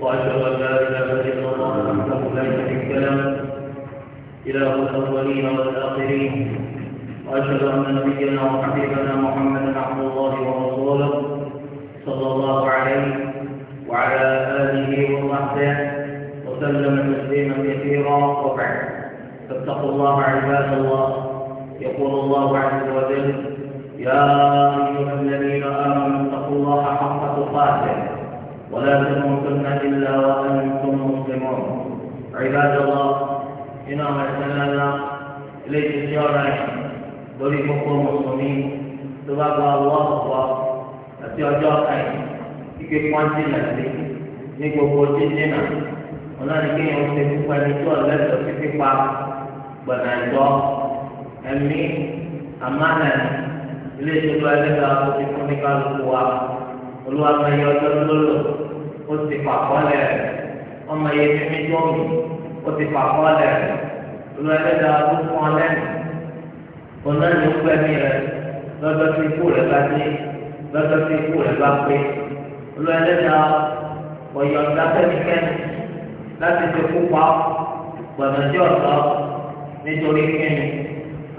وأشهد أن لا إله إلا الله إله الأولين والآخرين وأشهد أن نبينا وحبيبنا محمدا عبد الله ورسوله صلى الله عليه وعلى آله وصحبه وسلم تسليما كثيرا فاتقوا الله عباد الله يقول الله عز وجل يا أيها الذين آمنوا واتقوا الله حق تقاته ولا تموتن إلا وأنتم مسلمون عباد الله إن أرسلنا إليك زيارة lórí gbogbo mùsùlùmí tó bá gba ọwọ́ ọ̀pọ̀ àti ọjọ́ kan ike pọ́ńtì nàìjí ní gbogbo jíjìnà ọlọ́run kí yẹn ṣe púpọ̀ ẹni tó ọ̀lẹ́sọ̀ sí pípa gbọ̀nà ẹ̀dọ́ ẹ̀mí àmánà ẹ̀mí ilé ìjọba ẹlẹ́ta ó ti fún ní kálukú wa olúwa máa yẹ ọjọ́ lọ́lọ́ ó ti pàpọ́ lẹ̀ ọmọ yẹ mímí tó mi ó ti pàpọ́ lẹ̀ olúwa ẹlẹ́ta ó fún ọ lẹ́nu ọ̀nà ni ó gbẹ̀mí rẹ lọ́jọ́ tí ikú rẹ bá dé lọ́jọ́ tí ikú rẹ bá pé olúwa ẹlẹ́ta ọ̀yọ̀ ìdákẹ́nikẹ́ni láti fi kú pa gbọ̀dọ̀ jọ̀ọ́ nítorí kíni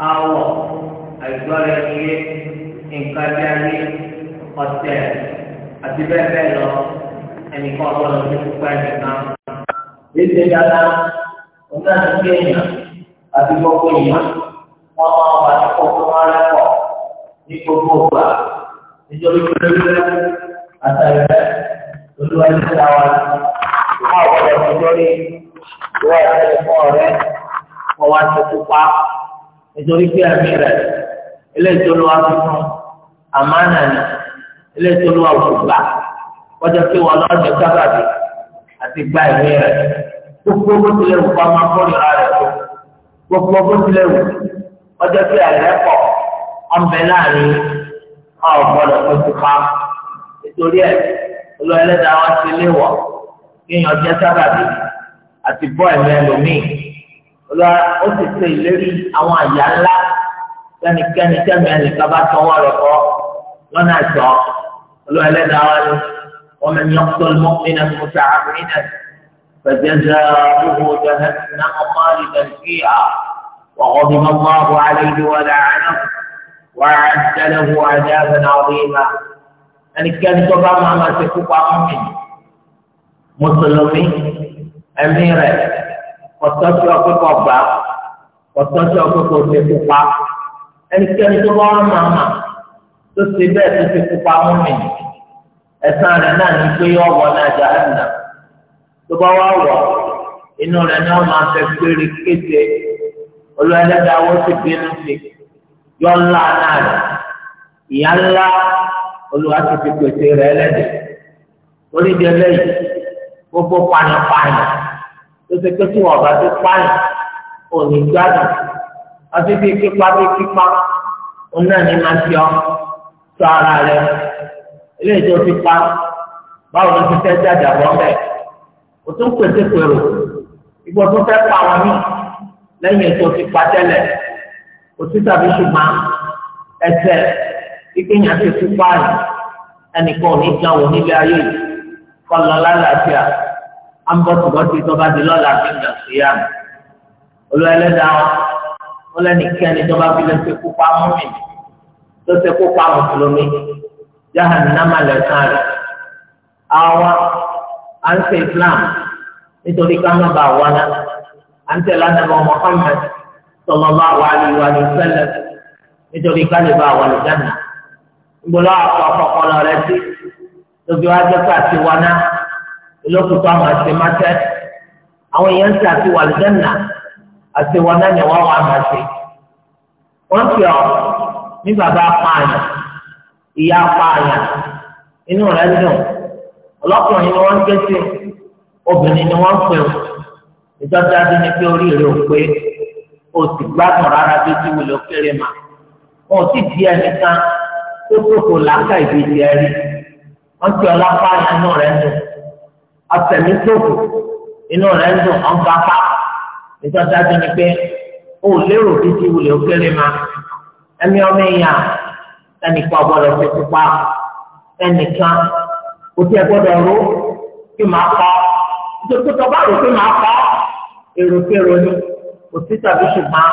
awọ̀ àìgbọ́ra ẹniyé nǹkan bí ayé ọ̀tẹ̀ àti bẹ́ẹ̀ bẹ́ẹ̀ lọ ẹnìkan ọgbọ́dọ̀ tó kú pa ẹnìkan. Èsì dada òun náà ti gbé èèyàn àti gbogbo èèyàn wọ́n máa wà ní kókó wọn rẹ́pọ̀ ní gbogbo ògbà nítorí pé àtàrí rẹ̀ olúwa ní sáwà ìwọ́n ọ̀gbọ́dọ̀ tó dórí ìwọ́n ọ̀rẹ́ wọ́n wá tó kópa nítorí pé àmì rẹ̀ eléyìí tó lọ́wọ́ tuntun àmánà ni eléyìí tó lọ́wọ́ kò gbà kọjá pé wọn náà ní sábàbí àti gba ìwé rẹ̀ gbogbo bó tilẹ̀ wù kọ́ máa kọ́ ìra rẹ̀ tó gbogbo bó tilẹ̀ wù kọjá pé àìrẹ́pọ̀ ọ̀nbẹ láàrin ọ̀gbọ́dọ̀ tó ti pa nítorí ẹ̀ olóyè lẹ́dàá wá sí ilé wọ̀ kéèyàn jẹ́ sábàbí àti bọ́ ẹ̀mí ẹlòmíì ó sì ṣe ìlérí àwọn àyà ńlá. sẹ́nikẹ́ni tẹ́mi ẹnìkan bá sanwó rẹ̀ kọ́ lọ́nà àjọ olú ẹlẹ́dàá wa ni wọ́n mẹ́ni ọ̀pọ̀ mọ́kùnrin àti mọ́tà àbúrín náà fẹ̀jẹ̀dẹ̀ ọ̀hún ọ̀dẹ̀hẹ̀ náà ọmọ àlùdà fíà وغضب الله عليه ولعنه وأعد له عذابا عظيما ẹnikẹ́ni tó bá máa ma ṣe kú pa mọ́mì mùsùlùmí ẹ̀mí rẹ̀ ọ̀tọ́jú ọ̀pẹ́kọ̀ gbà ọ̀tọ́jú ọ̀pẹ́kọ̀ ṣe kú pa. ẹnikẹ́ni tó bá wọn máa mà tó ṣe bẹ́ẹ̀ tó ṣe kópa wọn mi ẹ̀sán rẹ̀ náà ní pé ọ̀wọ́ náà jà ẹ̀ nà tó bá wà wọ̀ inú rẹ̀ náà máa fẹ́ péré kéde olùwẹ̀lẹ́dà owó ti bínú sí yọ ńlá náà rẹ̀ ìyá ńlá olùwà ti fi pèsè rẹ̀ lẹ́dẹ̀ onídìí ẹlẹ́yìí gbogbo pààyàn tó ṣe pé tí wọ́n bá ti pààyàn òní gbádùn àti bí kípa bí kípa òun náà ní máa fi ọ sọ ara rẹ eléyìí tó ti pa báwo ló ti fẹ́ jájà bọ́ bẹ́ẹ̀ o tún pèsè pèrò ìgbọ́ tó fẹ́ pa wọn mí lẹ́yìn tó ti pa tẹ́lẹ̀ o ti tàbí ṣùgbọ́n ẹsẹ̀ ìpínyà ti tún pa rẹ̀ ẹnìkan ò ní gan wò nílé ayé yìí lálàáfíà á ń bá di lọ́la fi ń gà sí yá olú ẹlẹ́dàá wọn lẹ́nìkan ìjọba fi lè ṣe kó pa mọ́mì tó ṣe kó pa mùsùlùmí jahannama lẹ́sàn rẹ̀ àwa à ń ṣe Islam nítorí ká má bàa wá náà à ń tẹ̀lé ànàmọ́ Muhammad sallallahu alaihi wa sallam nítorí ká lè bàa wà lùdánà ìgbòlá àkọ́kọ́ lọ rẹ sí lóbi wá jẹ́ pé àti wá náà ìlókùtà àwọn àti mátẹ́ àwọn èèyàn ń ṣe àti wà lùdánà àti wá náà ni wọ́n wà máa ṣe wọ́n ti ọ́ ní bàbá apààyàn ìyá apààyàn inú rẹ̀ dùn ọlọ́kùnrin ni wọ́n ń ké sí obìnrin ni wọ́n ń pè ó ìjọba bí ni pé orí rẹ̀ ò pé o sì gbádùn rárá bí tí wùlò kéré mà wọn ò sì di ẹnìkan tó tókò láńkà ìbejì ẹ rí wọ́n ti ọlọ́pàá inú rẹ̀ dùn ọ̀sẹ̀ mi tókò inú rẹ̀ dùn ọ̀gbapá ìjọba bí ni pé òun lérò títí wulẹ̀ ó kéré ma ẹ̀mí ọmọ ẹ̀yà ẹnìkan ọ̀gbọ́dọ̀ ti pupa ẹnìkan kò tí ẹ gbọ́dọ̀ ró kí máa kọ́ ìjọba tó bá rò pé máa kọ́ èrò kéré ni kò sí tàbí ṣùgbọ́n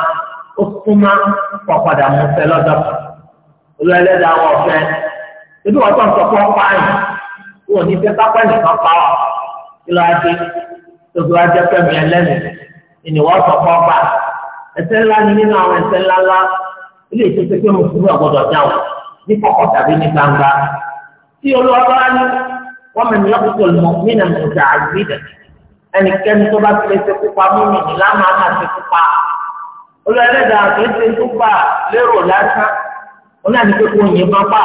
ó súnmọ́ pọ̀ padà mú fẹ́ lọ́dọ̀ olùwẹ̀lẹ́dà wọ̀ fẹ́ ebi wọ́n tó ń sọ fún ọ́pá yìí wọn ò ní fẹ́ pápá nìkan pa ọ́ kí ló á dé gbogbo ajẹ́pẹ́ mi ẹlẹ́nu ìníwọ́ sọ fún ọ́pá yìí ẹ̀ṣẹ̀ ńlá ni nínú àwọn ẹ̀ṣẹ̀ ńlá ńlá ilé ìtòsí pé mùsùlùmí ọ̀gbọ́dọ̀ dáwọ̀ ní kọ̀kọ̀ tàbí ní gbangba tí olùwàbá ní wọ́n mẹ́rin lọ́kùtò lọ nínú ìjà àgbẹ̀dẹ̀ ẹnikẹ́ni tó bá tilẹ̀ ṣe kópa mímu ní lánàá máa ṣe kópa olùwàlẹ́dà àgbẹ̀dẹ̀ tó gbà lérò lásán oní àdìgbò yìí máa pa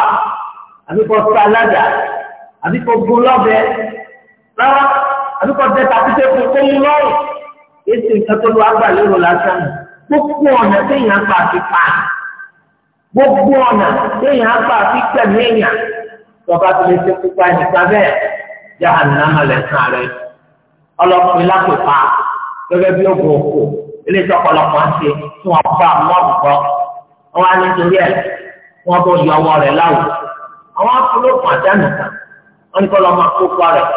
àbíkọ́ sọ alága àbíkọ́ gbó lọ́bẹ rárá àbíkọ́ tẹ tàbí tẹ kókó mú lọ́rùn èsì nǹkan tó lọ àgbà lérò lásán nù gbogbo ọ̀nà téèyàn gbà fi pa gbogbo ọ̀nà téèyàn gbà fi tẹ̀lé èèyàn tọba tó lè ṣe pípa nípa bẹ́ẹ̀ jẹ́ ànámà lẹ́sàn rẹ̀ ọlọ́pìn lápèpá gẹ́gẹ́ bí oògùn òkú ilé ìtọ́pọ̀lọpọ̀ ń ṣe tí wọ́n bá àwọn àbùkọ́ wọn á nítorí ẹ̀ wọ́n bọ̀ yọ ọwọ́ rẹ̀ láwù àwọn afọlọ́pọ̀ àdánù kan wọ́n ní kọ́ lọ́ọ́ máa kópa rẹ̀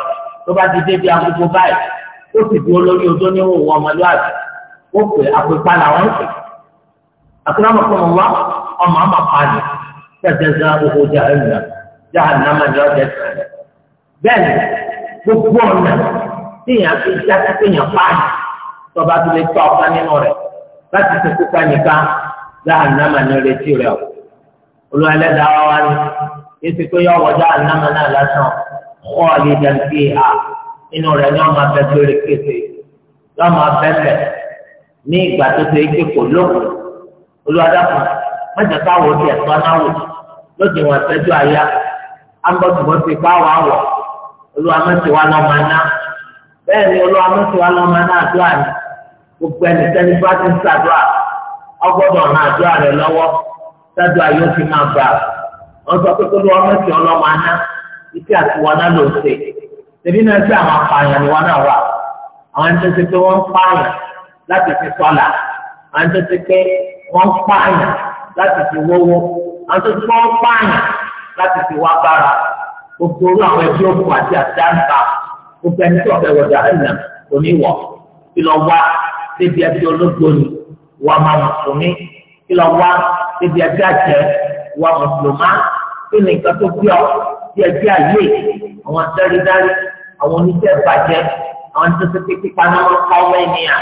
tó bá ti dé bí agogo báyìí ó sì dúró lórí odó níwò wọ́n ọmọlúwàbí ó pè àpèpá làwọn ń pè àkúrámọ fún mi wá ọmọ àmà pàdé tẹtẹsẹ owó jahannama jahannama ni ọjà tẹsẹ bẹ́ẹ̀ni gbogbo ọ̀nà téèyàn fi já téèyàn pàdé tọba tó lè tọ ọ̀kan nínú rẹ̀ láti fi kúkà nìkan jahannama ni retí rẹ̀ o olùwàlẹ́dàá wa ni èsì pé yọ wọ jahannama náà lásán khalidan fiha inú rẹ̀ ni wọ́n máa bẹ péré kété yọ máa bẹ ní ìgbà tó ṣe pé kò lókun olùwàdàpọ̀ mẹ́jọ táwọn ọdún ẹ̀tọ́ náà wò lóde wọn ṣẹ́jú àyà agbọ́dùnmọ́ ti pa wà wọ̀ olùwàmẹ́sìwá lọ́mọ ni olùwàmẹ́sìwá lọ́mọ náà àdúrà ni gbogbo ẹnikẹ́ni bá ti ń ṣàdúrà ọgbọ́dọ̀ ọ̀nà àdúrà rẹ lọ́wọ́ ṣàdúrà yóò fi máa gbà wọ́n sọ pé lọ́mọ láti fi sọ́là àwọn tó ti pé wọ́n pààyàn láti fi wọ́wọ́ àwọn tó ti wọ́n pààyàn láti fi wá bára gbogbo orú àwọn ẹbí òkú àti àdáńgbà gbogbo ẹni tó ọ̀fẹ́ wọ̀dà ẹ̀nà oníwọ̀ kí lọ wá débi ẹbí ológbòni wà máa mùsùlùmí kí lọ wá débi ẹbí àjẹ́ wà mùsùlùmá kí ni nǹkan tó bí ọ bí ẹbí àyè àwọn dáridári àwọn oníṣẹ́ ìbàjẹ́ àwọn tó ti pípa náà wọ́n pa ọmọ ènìyàn.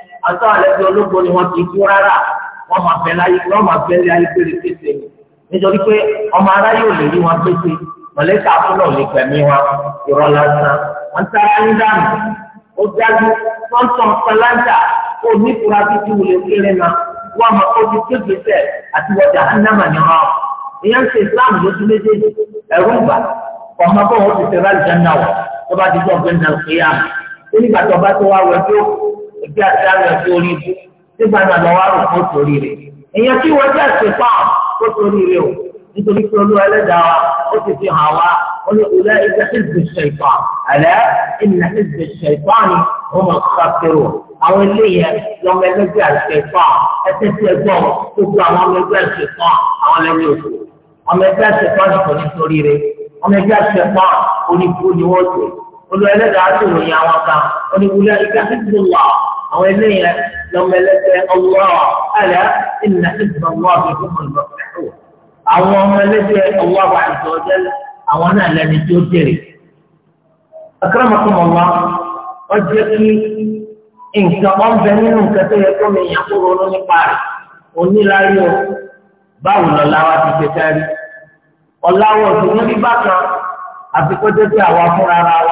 àtọ́ àlẹ́bí ológo ni wọ́n ti kú rárá wọ́n máa fẹ́ láyé wọ́n máa fẹ́ láyé péré pété ni nítorí pé ọmọ aráyé ò lè rí wọn pété mọ̀lẹ́ta fúnà ò lè pẹ̀mí wọn irọ́ lásán wọ́n tara ń dànù ó dájú wọ́n tàn kọ́láńtà ó ní ìfura títí wulẹ̀ kéré ma wọ́n máa kó ti tó gbèsè àti wọ́jà ánámà ni wọn. ìyẹn ṣe Islam lójú méjèèjì ẹ̀rú ìgbà ọmọ bọ́ọ̀ ó ti fẹ́ rálì jẹ́ náà wọ́n bá ti gbọ́ gbẹ́ náà kéèyàn. ó nígbà tó bá tó wá ẹgbẹ́ àti àmì ẹ̀kọ́ orí ibú nígbà náà lọ wá rò fún torí rẹ̀ èèyàn tí wọ́n jẹ́ ẹ̀sìn pa ó torí rẹ̀ o nítorí pé olú ẹlẹ́dàá wa ó ti fi hàn wá ó ní ọlá ẹgbẹ́ ẹgbẹ́ ṣẹ̀fà àlẹ́ ìnà ẹgbẹ́ ṣẹ̀fà ni wọ́n máa ká kérò àwọn eléyẹ lọ́mọ ẹgbẹ́ ṣẹ̀fà ẹsẹ̀ tí ẹ gbọ́ gbogbo àwọn ọmọ ẹgbẹ́ ṣẹ̀fà àwọn lẹ́yìn òkú ọmọ ẹgbẹ́ ṣẹ̀fà nìkan nítorí rẹ̀ ọmọ ẹgbẹ́ ṣẹ̀fà oníkú ni wọ́n jẹ́ olú ẹlẹ́dàá tó ròyìn àwọn kan oníwulẹ̀ ìka ìdúrà àwọn eléyẹ lọ́mọ ẹlẹ́dẹ̀ ọwọ́ àlẹ́ ìnà ọwụwa wọ́n fún mi lọ àwọn ọmọ ẹlẹ́dẹ̀ àwọn àìsàn ọjọ́ àwọn náà lẹ́ni tó kí nǹkan bẹ nínú tó mi yàn wa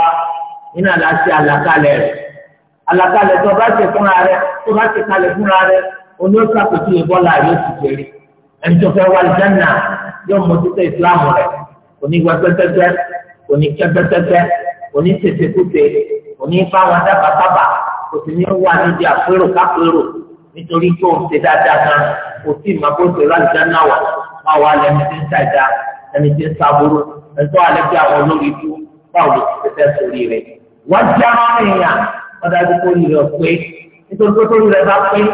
iná la ṣe àlàkalẹ̀ rẹ̀ àlàkalẹ̀ tó bá ṣe fúnra rẹ̀ tó bá ṣe kalẹ̀ fúnra rẹ̀ oní ó sàkóso ìbọ́lá yóò ti jèrè ẹni tó fẹ́ wá ìjánà yóò mójútó ìsìláàmù rẹ̀ oní gbẹgbẹgbẹ oní kẹgbẹgbẹ oní tètèkúte oní fáwọn dábàkábà kò sì ní wà níbi àpérò kápérò nítorí tó ń ṣe dáadáa kan kò sí ìmọ̀gbọ́sọ̀ láìjánà wà wá wà lẹ́nu tí ń ṣàìdá ẹni tí ń ṣàbúrò ẹ̀tọ́ àlẹ́ bí àwọn olórí ikú báwo ló ti fẹ́ sórí rẹ̀ wọ́n já èèyàn wọ́n dájú kó rí rẹ̀ pé nítorí pé torí rẹ̀ bá pé wọ́n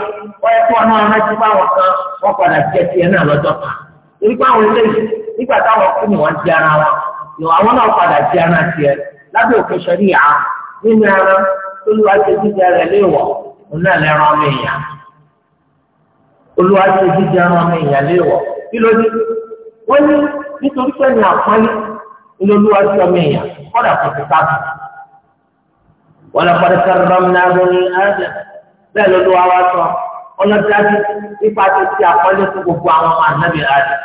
yẹ kó ọ̀nà ọ̀nà tí báwọn kan wọ́n padà jẹ́ tiẹ̀ náà lọ́jọ́ kan torí pé àwọn eléyìí nígbà táwọn kú ni wọ́n jẹ ara wọn ìwọ àwọn náà padà jẹ ara tiẹ̀ lábẹ́ òfin ṣẹlẹ̀ yà á nínú ẹran olúwa ṣe jíjẹ rẹ̀ léèwọ̀ òun náà lẹ́ran ọmọ èèyàn olúwa jíjẹ ẹran ọmọ èèyàn léèwọ̀ kí ló dé wọ́n ní nítorí pé ní àpọ́nlé olúwa ọmọ èèyàn kọ́dà kò ولقد كرمنا بني آدم bẹ́ẹ̀ ló ló wá wá sọ ọlọ́dájú nípa ti ti àpọ́nlé fún gbogbo àwọn ọmọ ànábì Ádámù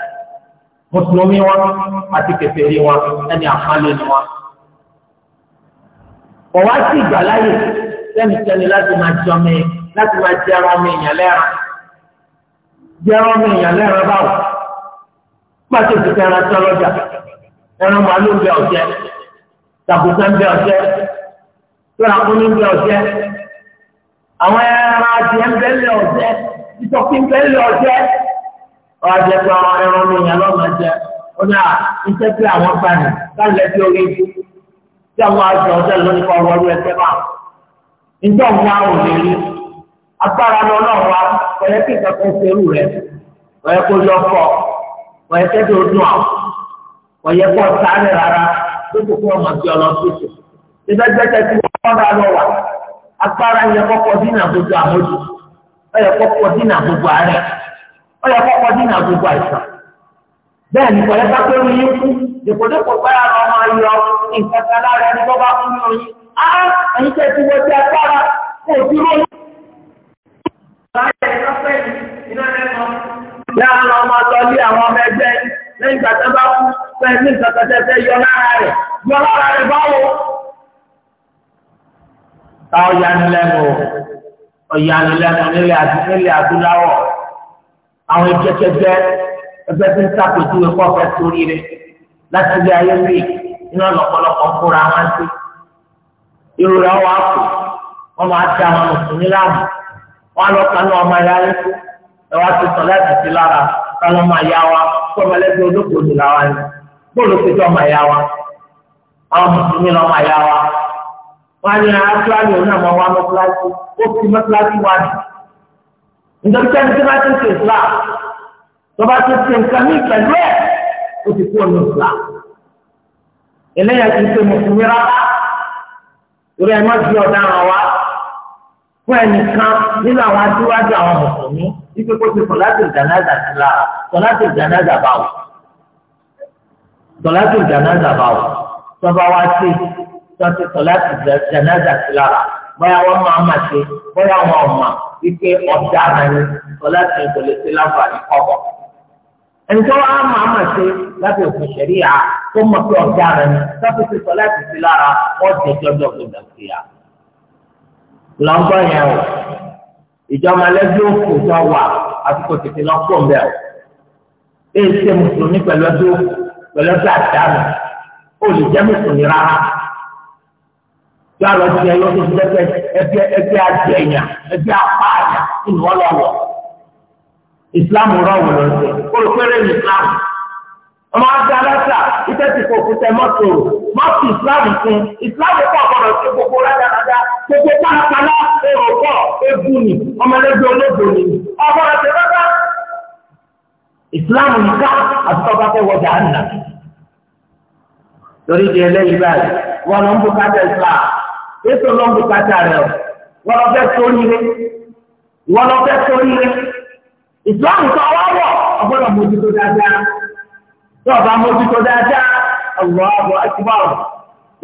mùsùlùmí wọn àti kèfèrí wọn ẹni àpọ́nlé ni wọn. kò wá sí ìgbàláyè sẹ́nikẹ́ni láti máa jẹ ọmọ yẹn láti máa jẹ ẹran ọmọ èèyàn lẹ́ran jẹ ẹran ọmọ èèyàn lẹ́ran báwò pàṣẹ òkúta ẹran tí ọlọ́jà ẹran màálù ń bẹ ọ̀jẹ́ tàbùkà ń bẹ ọ̀jẹ́ tó ra kó ní ń bẹ ọ̀jẹ́ àwọn ẹran adìẹ ń bẹ ń lẹ ọ̀jẹ́ ìtọ́kí ń bẹ ń lẹ ọ̀jẹ́ ọ̀jẹ́ pé àwọn ẹran ní ìyá lọ́mọ jẹ ó ní à iṣẹ́ tí àwọn gbà ní kálẹ̀ tí ó rí ju tí àwọn àjọ ọ̀jẹ́ lónìí kọ́ wọlé ẹsẹ̀ máa níjọ́ wa ò lè rí agbára lọ náà wa ọ̀yẹ́ kí nǹkan ṣerú rẹ̀ ọ̀yẹ́ kó yọ fọ́ ọ̀yẹ́ kẹ́tẹ́ ó àwọn ọ̀yẹ́ kó sáré ọba lọ agbára yẹ kọ́kọ́ gbogbo àmójú ọyẹ kọ́kọ́ gbogbo àárẹ̀ ọyẹ kọ́kọ́ dínà gbogbo àìsàn bẹ́ẹ̀ ni kọ̀yẹ́ kápẹ́ orí yín kú dèpòdépò báyà lọ nǹkan kan lára ẹni kú ní oyin á ti agbára kò lé àwọn ọmọ ẹgbẹ́ lẹ́yìn ìgbà táwọn yanilẹ́nu ọ̀yanilẹ́nu nílẹ̀ adúláwọ̀ àwọn ìjẹ́kẹ́jẹ́ ẹgbẹ́ tí ń sàpèjúwe kọ́fẹ́ sórí rẹ̀ láti ilé ayé rí iná lọ́pọ̀lọpọ̀ ń kóra wọn sí. irú rẹ̀ wà kù wọ́n máa ti àwọn mùsùlùmí láàmú wọ́n á lọ kánú ọmọ ẹ̀yà rẹ̀ kú ẹ wá ti sọ láti sí lára kánú ọmọ ẹ̀yà wa kó ọmọlẹ́gbẹ́ olókòó ni làwọn ni bóòlù ti ọmọ ẹ̀yà wa àwọn mùsùlùmí lọ́mọ ẹ̀yà wa wọn á ní aṣáájú ọ̀nà àwọn wa mọ́tíláṣí ó fi mọ́tíláṣí wá ní. nítorí sẹ́ni tí bá ti ń ṣe islam tó bá ti ṣe nǹkan ní pẹ̀lú ẹ̀ ó ti kú ọ̀nà islam. eléyà ti ṣe mùsùlùmí rárá torí ẹ̀ má di ọ̀daràn wa fún ẹnìkan nínú àwọn adúwájú àwọn mùsùlùmí wípé kó ti sọ̀láṣì ìdánáza sí lára sọ̀láṣì ìdánáza báwò sọ̀láṣì ìdánáza báwò tọ́ba wá sí i tọ́tí sọláàtì jẹnáza sí lára bóyá wọ́n máa ma ṣe bóyá wọn ò mà wípé ọ̀daràn ni sọláàtì kò lè ṣe láǹfààní kọ́kọ́. ẹni tó wàá máa ma ṣe lábẹ́ òfin ṣẹ̀ríyà tó mọ̀ pé ọ̀daràn ni tọ́tí sọláàtì sí lára ọ̀jẹ̀ jọjọ gbọdọ̀ sí ya. lọ́gbọ́n yẹn o ìjọba lẹ́gbẹ́ òkú tó wà àsìkò tètè lọ́pọ̀ mbẹ́ o. èyí ṣe mùsùlùmí pẹ̀lú ọdún yóò lọ sí ẹyọ tó ti dẹ́pẹ́ ẹgbẹ́ ẹgbẹ́ àti ẹ̀yà ẹgbẹ́ apá àyà nínú ọlọ́wọ́ ìsìlámù rọrùn lọ sí olùkọ́rẹ́ ní ìsìlámù ọmọ ajá lọ́sà iṣẹ́ ti kò kú tẹ mọ́tò mọ́tò ìsìlámù fún ìsìlámù pọ̀ gbọ́dọ̀ sí gbogbo rádaràdà gbogbo pálapàla èrò pọ̀ egu ni ọmọlẹ́gbẹ́ olóògbé ni ọgbọ́dọ̀ tẹ lọ́sà ìsìlámù nìka àti tọ́ba fẹ́ wọ jàǹdà torí di ẹlẹ́yìí báyìí wọn lọ ń bọ́ kájà ìsìlámù. èso so ń bu rẹ o wọ́n lọ fẹ́ sórí rẹ wọ́n lọ fẹ́ sórí rẹ ìsìláàmù tó wá wọ̀ ọgbọ́dọ̀ ọba mójútó dáadáa ọ̀gbọ́n ọ̀gbọ́n ẹ̀kúbọ̀rọ̀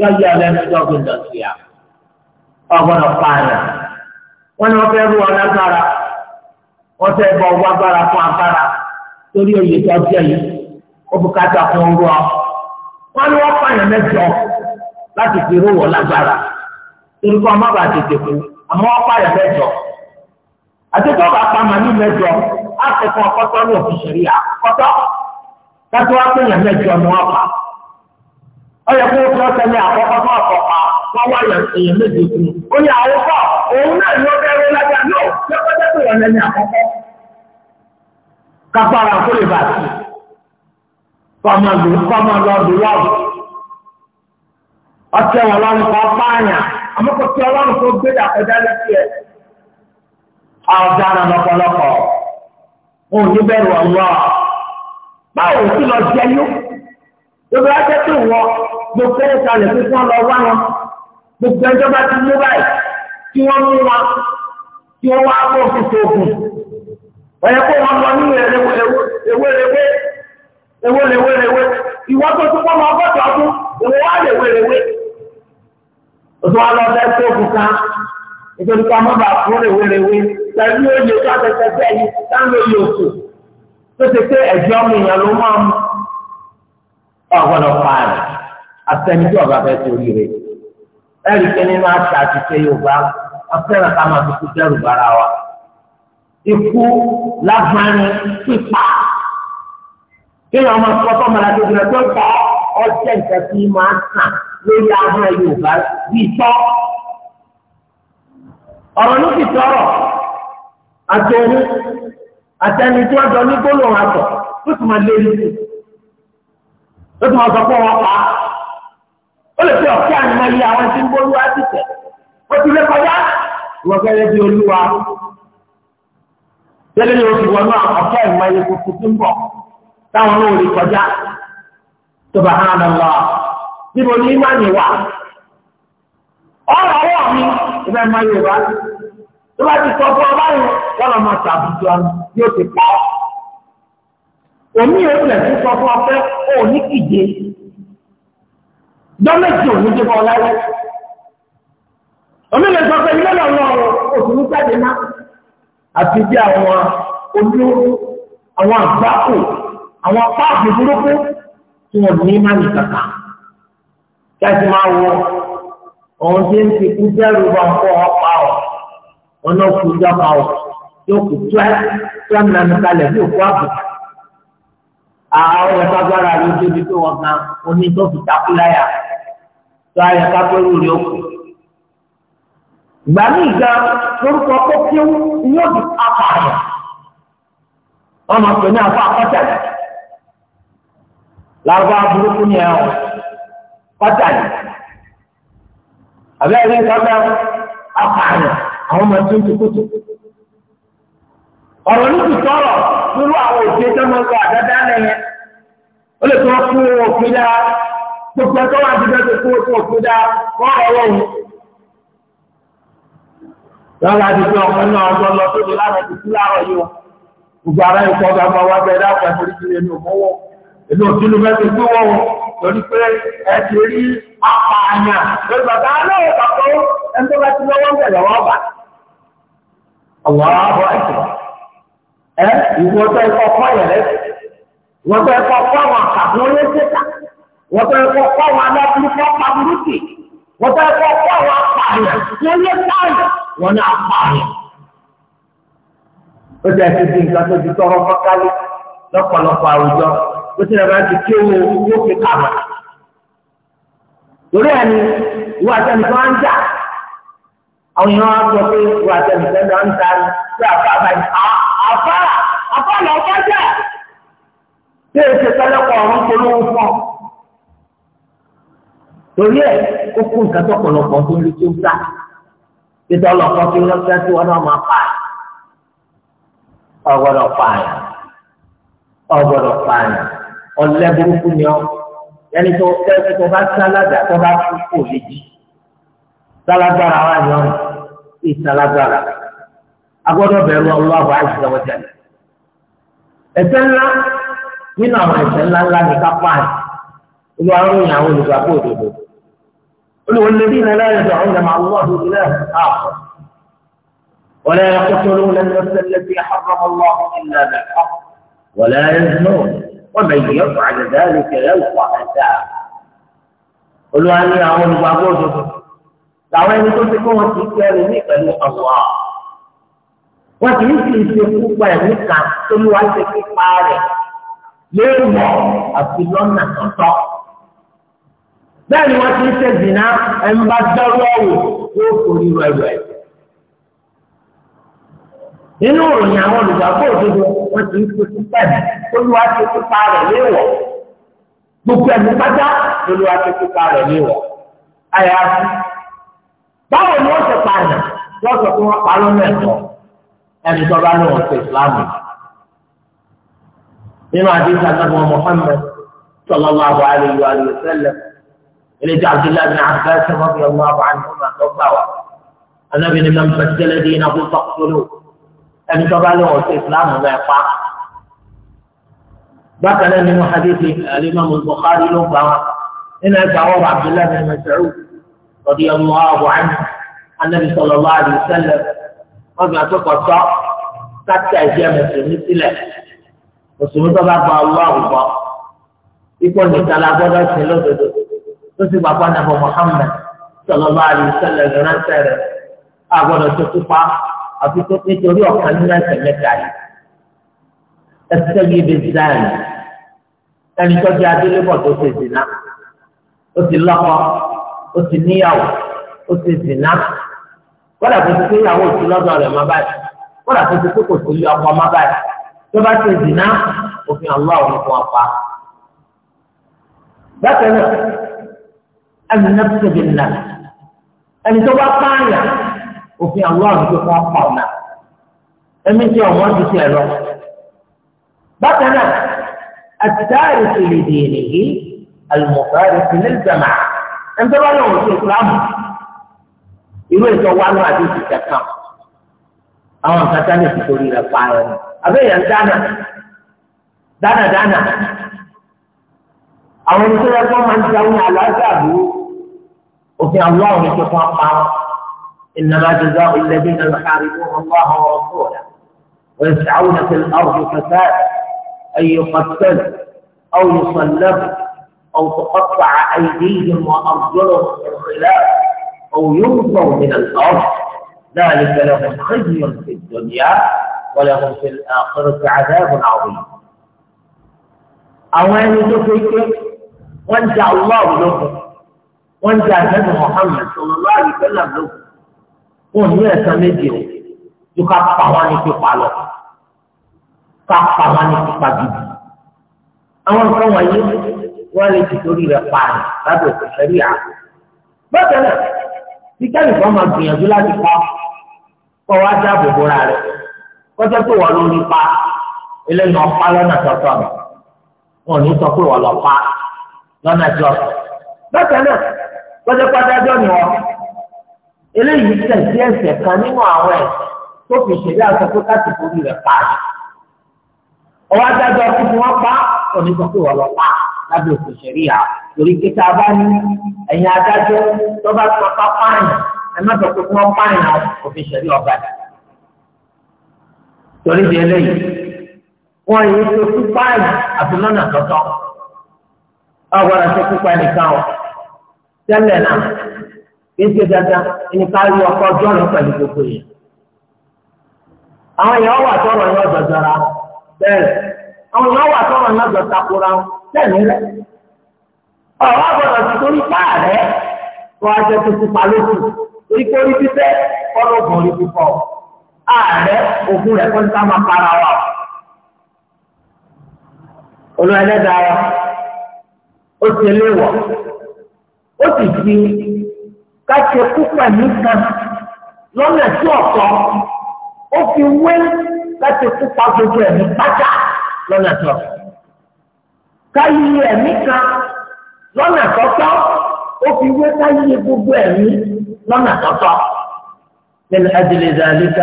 yọ yọ lẹ́nu dọ́gbìn bọ fún torí oyè tó yìí bu fún láti fi rú lágbára. torí kọ́ ọmọ bá tètè kú àmọ́ ọ̀pá yẹn mẹ́jọ àtẹ̀tẹ̀ ọba mẹ́jọ àtẹ̀kọ́ ní àkọ́tọ́ kátó wá pé yẹn mẹ́jọ ni wọ́n pa ọyẹ kó o sẹ́ni àkọ́kọ́ fún àkọ́kọ́ wọ́n wá èèyàn méje kú ó àwọn kọ́ òun náà ni lájà lẹ́ni àkọ́kọ́ àmọ́kọ̀ tí ọlọ́run tó gbé dàkọjá létí ẹ̀ ọ̀daràn lọ́pọ̀lọpọ̀ wọn ò ní bẹ̀rù ọ̀wọ́ báwo kí lọ jẹ́ yó gbogbo ajẹ́ tó wọ gbogbo ẹ̀ kalẹ̀ pé kí wọ́n lọ wá wọn gbogbo ẹjọ́ bá ti mú báyìí tí wọ́n mú wa tí wọ́n wá bọ̀ fún tòògùn ẹ̀yẹ kó wọn lọ nínú ewéléwé ewéléwé ìwọ́n tó tún kọ́ lọ ọgọ́ta ọdún ìwọ́n wá léwéléwé òtún wa lọ fẹ́ sóògù kan nítorí ká má bàa fún rèwerèwe tàbí oyè tó àtẹ̀tẹ̀ bẹ́ẹ̀ yìí táwọn oyè òtò tó ti pé ẹ̀jẹ̀ ọmọ èèyàn ló máa mú ọ̀gbọ́dọ̀ pààrọ̀ àtẹnudọ́ ọba fẹ́ torí rẹ̀ ẹ̀rí pé nínú àṣà àtìṣe Yorùbá afẹ́ràn ká máa fi kú dẹ́rù bára wa ikú lágbárin pípa kí ni ọmọ sọ́kọ́ mọ̀lá tó ń pa ọ́ ọjẹ́ nǹkan tí máa tàn lórí ahọ́n Yorùbá bí tọ́. ọ̀rọ̀ ló fi tọrọ àtòun àtẹni tí wọ́n jọ ní gbólóhùn àtọ̀ ó sì máa lérí sí ó sì máa sọ fún wọn pa ó lè fi ọ̀kẹ́ àná yí àwọn tí ń gbólóhùn àti tẹ̀ ó ti lé kọjá ìwọ̀n fẹ́rẹ́ di olúwa tẹ́lẹ̀ ni oṣù wọn náà ọ̀kẹ́ ìmọ̀ ẹ̀yẹ tuntun tó ń bọ̀ táwọn náà ò lè kọjá. subhanallah níbo ní ìmánì wà ọ̀rọ̀ ọwọ́ mi ìbẹ́ máa yóò bá tó bá ti sọ fún ọ lọ máa ṣàbùjọ yóò ti sọ fún òní kìje dọ́mẹ́tì òní láyé lè sọ òsì ní àti bí àwọn àwọn àgbákò àwọn páàkì burúkú tí wọ́n ní má ní kàkà kí a ti máa wọ ọ̀hún tí ń fi kú dẹ́rù bá ń kọ́ ọ pa ọ̀ ọ̀nà kú jọ pa ọ̀ yóò kú tó ẹ tó ẹ nànú kalẹ̀ bí òkú àbùkù àwọn ẹ̀ka gbára rẹ̀ ojú ibi tó wọ́n gan oní tó fi takú láyà tó ayẹ ká pẹ́rù rẹ̀ ó kù. ìgbà lórúkọ kókíw ni yóò di apààyàn ọmọ pẹ̀lú àfọ àkọ́tẹ̀lẹ̀ lárúbá burúkú ni ẹ ọ pátá yìí àbẹ́ ẹ̀rí nǹkan náà apààyàn àwọn ọmọ tó ń tukutu ọ̀rọ̀ ní kùtọ́rọ̀ nínú àwọn òfin tó máa ń gba àdáda lẹ́yìn ó lè tó kú òfin dá gbogbo ẹ̀kọ́ wà ní bẹ́ẹ̀ tó kú òfin dá wọ́n rọ̀ wọ́n lọ́la ti fi ọkùnrin náà lọ lọ sóde lára ti sí láàárọ̀ yìí o gbogbo ara ìkọ́ gbàgbọ́ wá bẹ́ẹ̀ dáàbò àforíjì lẹ́nu òmọ́wọ́ èmi ò tún ló fẹ́ ti gbé wọ́n lórí pé ẹ ti rí apààyàn lórí bàbá aláwọ̀ bàbá ó ẹni tó bá ti lọ́wọ́ ń bẹ̀rẹ̀ wọ́n bà. ọ̀wọ́n àbọ̀ ẹ̀sìn ẹ ìwọ tó ẹ kọ́ fọ́ yẹn lẹ́sìn ìwọ tó ẹ kọ́ fọ́ àwọn àkàbọ̀ olóṣèkà ìwọ tó ẹ kọ́ fọ́ àwọn alábùrúkọ́ pàbùrúkì ìwọ tó ẹ kọ́ fọ́ àwọn apààyàn tó lé bó ti nàbà ti kí owó yóò fi kà mà. torí ẹni ìwà àtẹnusọ ń jà àwọn èèyàn á sọ pé ìwà àtẹnusọ ń ta sí àfa àbáyé àfa àfa làwọn bá jà tí èyí ṣe sẹ́lẹ̀kọ̀ ọ̀run polówó fún ọ. torí ẹ ó kún nǹkan tó pọ̀lọpọ̀ tó ń rí tó ń ta títọ́ lọ́kọ́ tí wọ́n fẹ́ tí wọ́n náà máa pa ẹ̀ ọgbọ́dọ̀ pa ẹ̀ ọgbọ́dọ̀ pa ẹ̀ ọ̀lẹ burúkú ni ọ ẹni tó tẹ́tí tó bá sálàdà tó bá kú kò lè jí sálágbára wa ni ọ̀nà kí sálágbára agbọ́dọ̀ bẹ̀rù ọlọ́wọ́ àìsàn wọ́n jẹ́lẹ̀ ẹ̀ṣẹ̀ ńlá nínú àwọn ẹ̀ṣẹ̀ ńlá ńlá ní kápá ìlú arúgbìn àwọn olùgbàgbọ́ òdodo olùwọlẹ́bí náà láyé ọ̀dọ̀ àwọn ìdàmà ọlọ́dún ilé àpò ولا يقتلون النفس التي حرم الله إلا بالحق ولا يزنون ومن يفعل ذلك يلقى عذابا olúwa ní àwọn olùgbàgbọ́ òdodo làwọn ẹni tó ti kọ́ wọn kì í fi ẹrù ní pẹ̀lú ọ̀wọ́ wọn kì í sì ṣe púpọ̀ ẹ̀mí kan tó ló wá ṣe pípa rẹ̀ léèwọ̀ àti lọ́nà tọ́tọ́ bẹ́ẹ̀ ni wọ́n ti ń ṣe zìnnà ẹ̀ ń bá dọ́rọ́ wò yóò forí rẹ̀ nínú ìròyìn àwọn olùgbàgbọ́ òdodo wọn ti ń fi pẹ́ẹ́nì olúwa ti pípa rẹ̀ léèwọ̀ gbogbo ẹ̀mí pátá olúwa ti pípa rẹ̀ léèwọ̀ àyàfi báwo ni wọ́n ṣe pààyàn wọ́n sọ pé wọ́n pa lọ́nà ẹ̀tọ́ ẹni tó bá ní wọn ìsìláàmù nínú àdéhùn àtàkùn Muhammad sallallahu alaihi wa sallam إليك عبد الله بن عباس رضي الله عنهما ترضى النبي من بدل دينه فاقتلوه ẹni tó bá lọ́wọ́ sí islam náà pa. bákan náà nínú hadithi alimami bukhari ló gbà wọn nínú ẹgbà wọn bá abdullahi bin mas'ud radiyallahu anhu anabi sallallahu alaihi wasallam wọn gbà tó kọtọ káta ìjẹ mùsùlùmí sílẹ̀ mùsùlùmí tó bá gba ọlọ́wọ́ gbọ́ ipò nìkan la gbọ́dọ̀ sí lódodo tó sì gbà pa nàbọ muhammed sallallahu alaihi wasallam ìrántẹ rẹ àgbọ́dọ̀ tó kópa àfi tó pé torí ọ̀kan nínú ẹsẹ̀ mẹ́ta yìí ẹsẹ̀ yìí bí zayn ẹni tó di adélébọ̀ tó ṣe zina ó ti lọ́kọ ó ti níyàwó ó ti zina kódà tó ti pé ìyàwó òsì lọ́dọ̀ rẹ̀ má báyìí kódà tó ti pé kò sí ilé ọkọ má báyìí tó bá ṣe zina òfin àwọn àwọn ọkọ apá. bákan náà ẹni náà ti ṣe bí nà ẹni tó bá pààyàn òfin àwọn àdúgbò kan pa ọ̀nà ẹ̀mí tí ọ̀wọ́n ti tẹ̀ lọ. bákan náà àtìtáàrí ti lè dèrè yí àlùmọ̀fáàrí ti lè jàmà ẹ̀ńtọ́ bá lọ́wọ́ sí ìsìlámù irú ètò wánú àti ìsìkẹ̀ kan àwọn nǹkan tá lè fi torí rẹ̀ pa ẹ̀ abẹ́yẹn dáná dáná dáná àwọn ìṣẹ́yẹ kan máa ń jẹun àlàáfíà lóò òfin àwọn ọ̀rẹ́ tó kàn wọn. إنما جزاء الذين يحاربون الله ورسوله ويسعون في الأرض فسادا أن يقتلوا أو يصلبوا أو تقطع أيديهم وأرجلهم من خلاف أو ينفوا من الأرض ذلك لهم خزي في الدنيا ولهم في الآخرة عذاب عظيم أوان تفكر وانت الله لكم وانت النبي محمد صلى الله عليه وسلم لكم wọn ní ẹ̀sán méje o tó ká pa wá ní pípa lọ ká pa wá ní pípa gidi àwọn nǹkan wọ̀nyí wọ́n lè ti torí rẹ̀ pààyàn lábẹ́ òkè sẹ́rí à. bẹ́ẹ̀ náà bí kẹ́nìkan máa gbìyànjú láti pa kọ́ wá dáàbò bóra rẹ̀ kọ́jọ́ tó wọ́n lórí pa eléyìí ọ̀pá lọ́nà tọ̀tọ̀ mi wọn ò ní sọ pé wọ́n lọ pa lọ́nà tí ọ̀tọ̀. bẹ́ẹ̀ náà kọ́jọ́ pàdájọ́ ni wọ́n eléyìí tẹ̀ sí ẹ̀ṣẹ̀ kan nínú àwọn ẹ̀ tó fi ṣẹlẹ̀ àṣọ tó láti borí rẹ̀ pa á. ọwọ́ adájọ́ kí ni wọ́n pa òní sọ pé wọ́n lọ pa lábẹ́ òkú ṣẹ̀ríà torí pé tá a bá ní ẹ̀yin adájọ́ tó bá sọ pa pààyàn ẹ má sọ pé kí wọ́n pààyàn òfin ṣẹ̀rí ọba dà. torí di eléyìí wọ́n yìí tó kú pààyàn àti lọ́nà tọ́tọ́ ọgbọ́n àti kú pààyàn nìkan kéde dada ẹni ká rí ọkọ ọjọọ rẹ gbogbo yẹn. àwọn èèyàn wà tọrọ yẹn ọjọ́ jọra àwọn wà tọrọ yẹn ọjọ́ takora rẹ. ọ̀rọ̀ àgbọ̀dọ̀ ti torí páà rẹ kó a jẹ tuntun torí ààrẹ rẹ kọ́ ká máa para wa. olùwẹ̀lẹ́dàá ó ti léwọ̀ ó káṣe púpọ̀ nìkan lọ́nà tí ọ̀tọ̀ ó fi wé káṣe púpọ̀ gbogbo ẹ̀mí pátá lọ́nà tí ọ̀tọ̀ káyí ẹ̀mí kan lọ́nà tọ́tọ́ ó fi wé káyí gbogbo ẹ̀mí lọ́nà tọ́tọ́ من أجل ذلك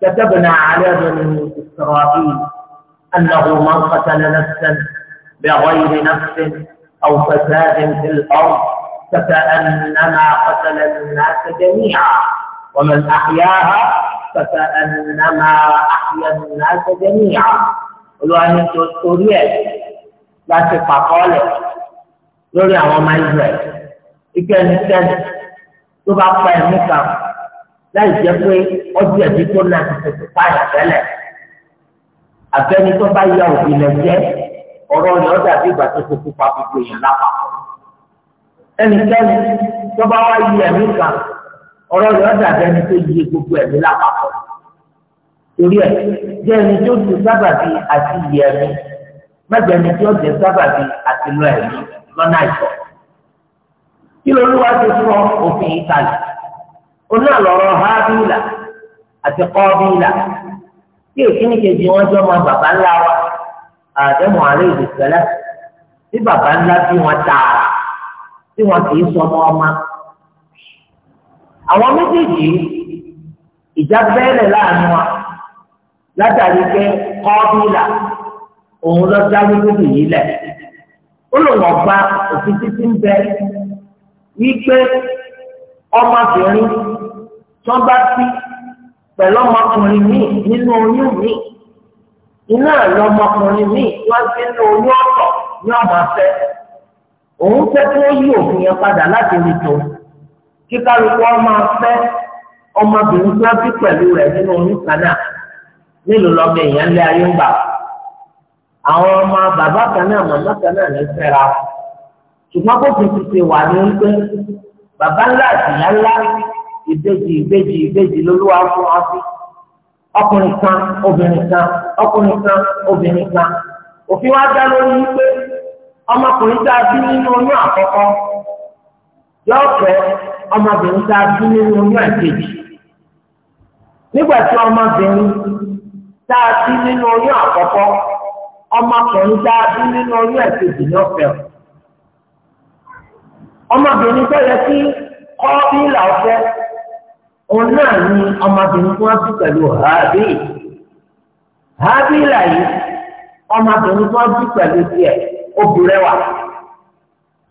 كتبنا على بني إسرائيل أنه من قتل نفسا بغير نفس أو فساد في الأرض فكأنما قتل الناس جميعا ومن أحياها فكأنما أحيا الناس جميعا olùwàní tó torí ẹ láti pàkọ́lẹ̀ lórí àwọn ọmọ israẹl ike ẹnikẹ́ni tó bá pa ẹ̀mí kan láì jẹ́ pé ọjọ́ ẹ̀bí tó náà ti tètè pààyàn tẹ́lẹ̀ àbẹ́ni tó bá ya òbí lẹ̀ jẹ́ ọ̀rọ̀ rẹ̀ ó dàbí ìgbà tó kókó pa gbogbo èèyàn lápapọ̀ ẹnikẹ́ni tó bá wá yí ẹ̀mí kan ọ̀rọ̀ rẹ̀ ọ̀dà bẹ́ni tó yí gbogbo ẹ̀mí lápapọ̀ torí ẹ̀ jẹ́ ẹni tó ti sábàbí àti yí ẹ̀mí mẹ́jọ ẹni tó jẹ́ sábàbí àti lọ ẹ̀mí lọ́nà ìfọ̀ kí lóríwá ti sọ òfin ìtàlẹ̀ oní àlọ́rọ̀ hábìlà àti kọ́bìlà tí èkíní kejì wọn jọ mọ bàbá ńlá wa àdẹ́mọ̀ àlẹ́ ìdìsẹ́lẹ̀ tí bàbá ńlá bí wọn tààrà tí wọn kì í sọmọ ọma àwọn méjèèjì ìjà bẹ́ẹ̀lẹ̀ láàánú wa látàrí pé kọ́bílà òun lọ dá wíwúdù yìí lẹ̀ ó lò wọ́n gba òfin títí ń bẹ wípé ọmọbìnrin tó bá sí pẹ̀lú ọmọkùnrin míì nínú oyún míì iná ẹ̀ lọ́mọkùnrin míì wọ́n ti oyún ọ̀tọ̀ ní ọmọ afẹ́. òun fẹ́ kí wọ́n yí òfin yẹn padà láti rí tó kí kálukú ọmọ afẹ́ ọmọbìnrin tó bí pẹ̀lú rẹ̀ nínú oyún kan náà nílùú lọ́mọ èèyàn lé ayé ń gbà àwọn ọmọ bàbá màmá fẹ́ra ṣùgbọ́n kó fi ti ṣe wà ní bàbá ńlá ńlá ìbejì wa ọkùnrin kan obìnrin kan ọkùnrin kan obìnrin kan òfin wa dá ọmọkùnrin tá a bí nínú oyún àkọ́kọ́ yóò fẹ́ ọmọbìnrin tá a bí nínú oyún àkejì nígbà tí ọmọbìnrin tá a bí nínú oyún àkọ́kọ́ ọmọkùnrin tá a bí nínú oyún àkejì yóò fẹ́ ọmọbìnrin tó yẹ kí kọ́ òun náà ni ọmọbìnrin obìnrin wa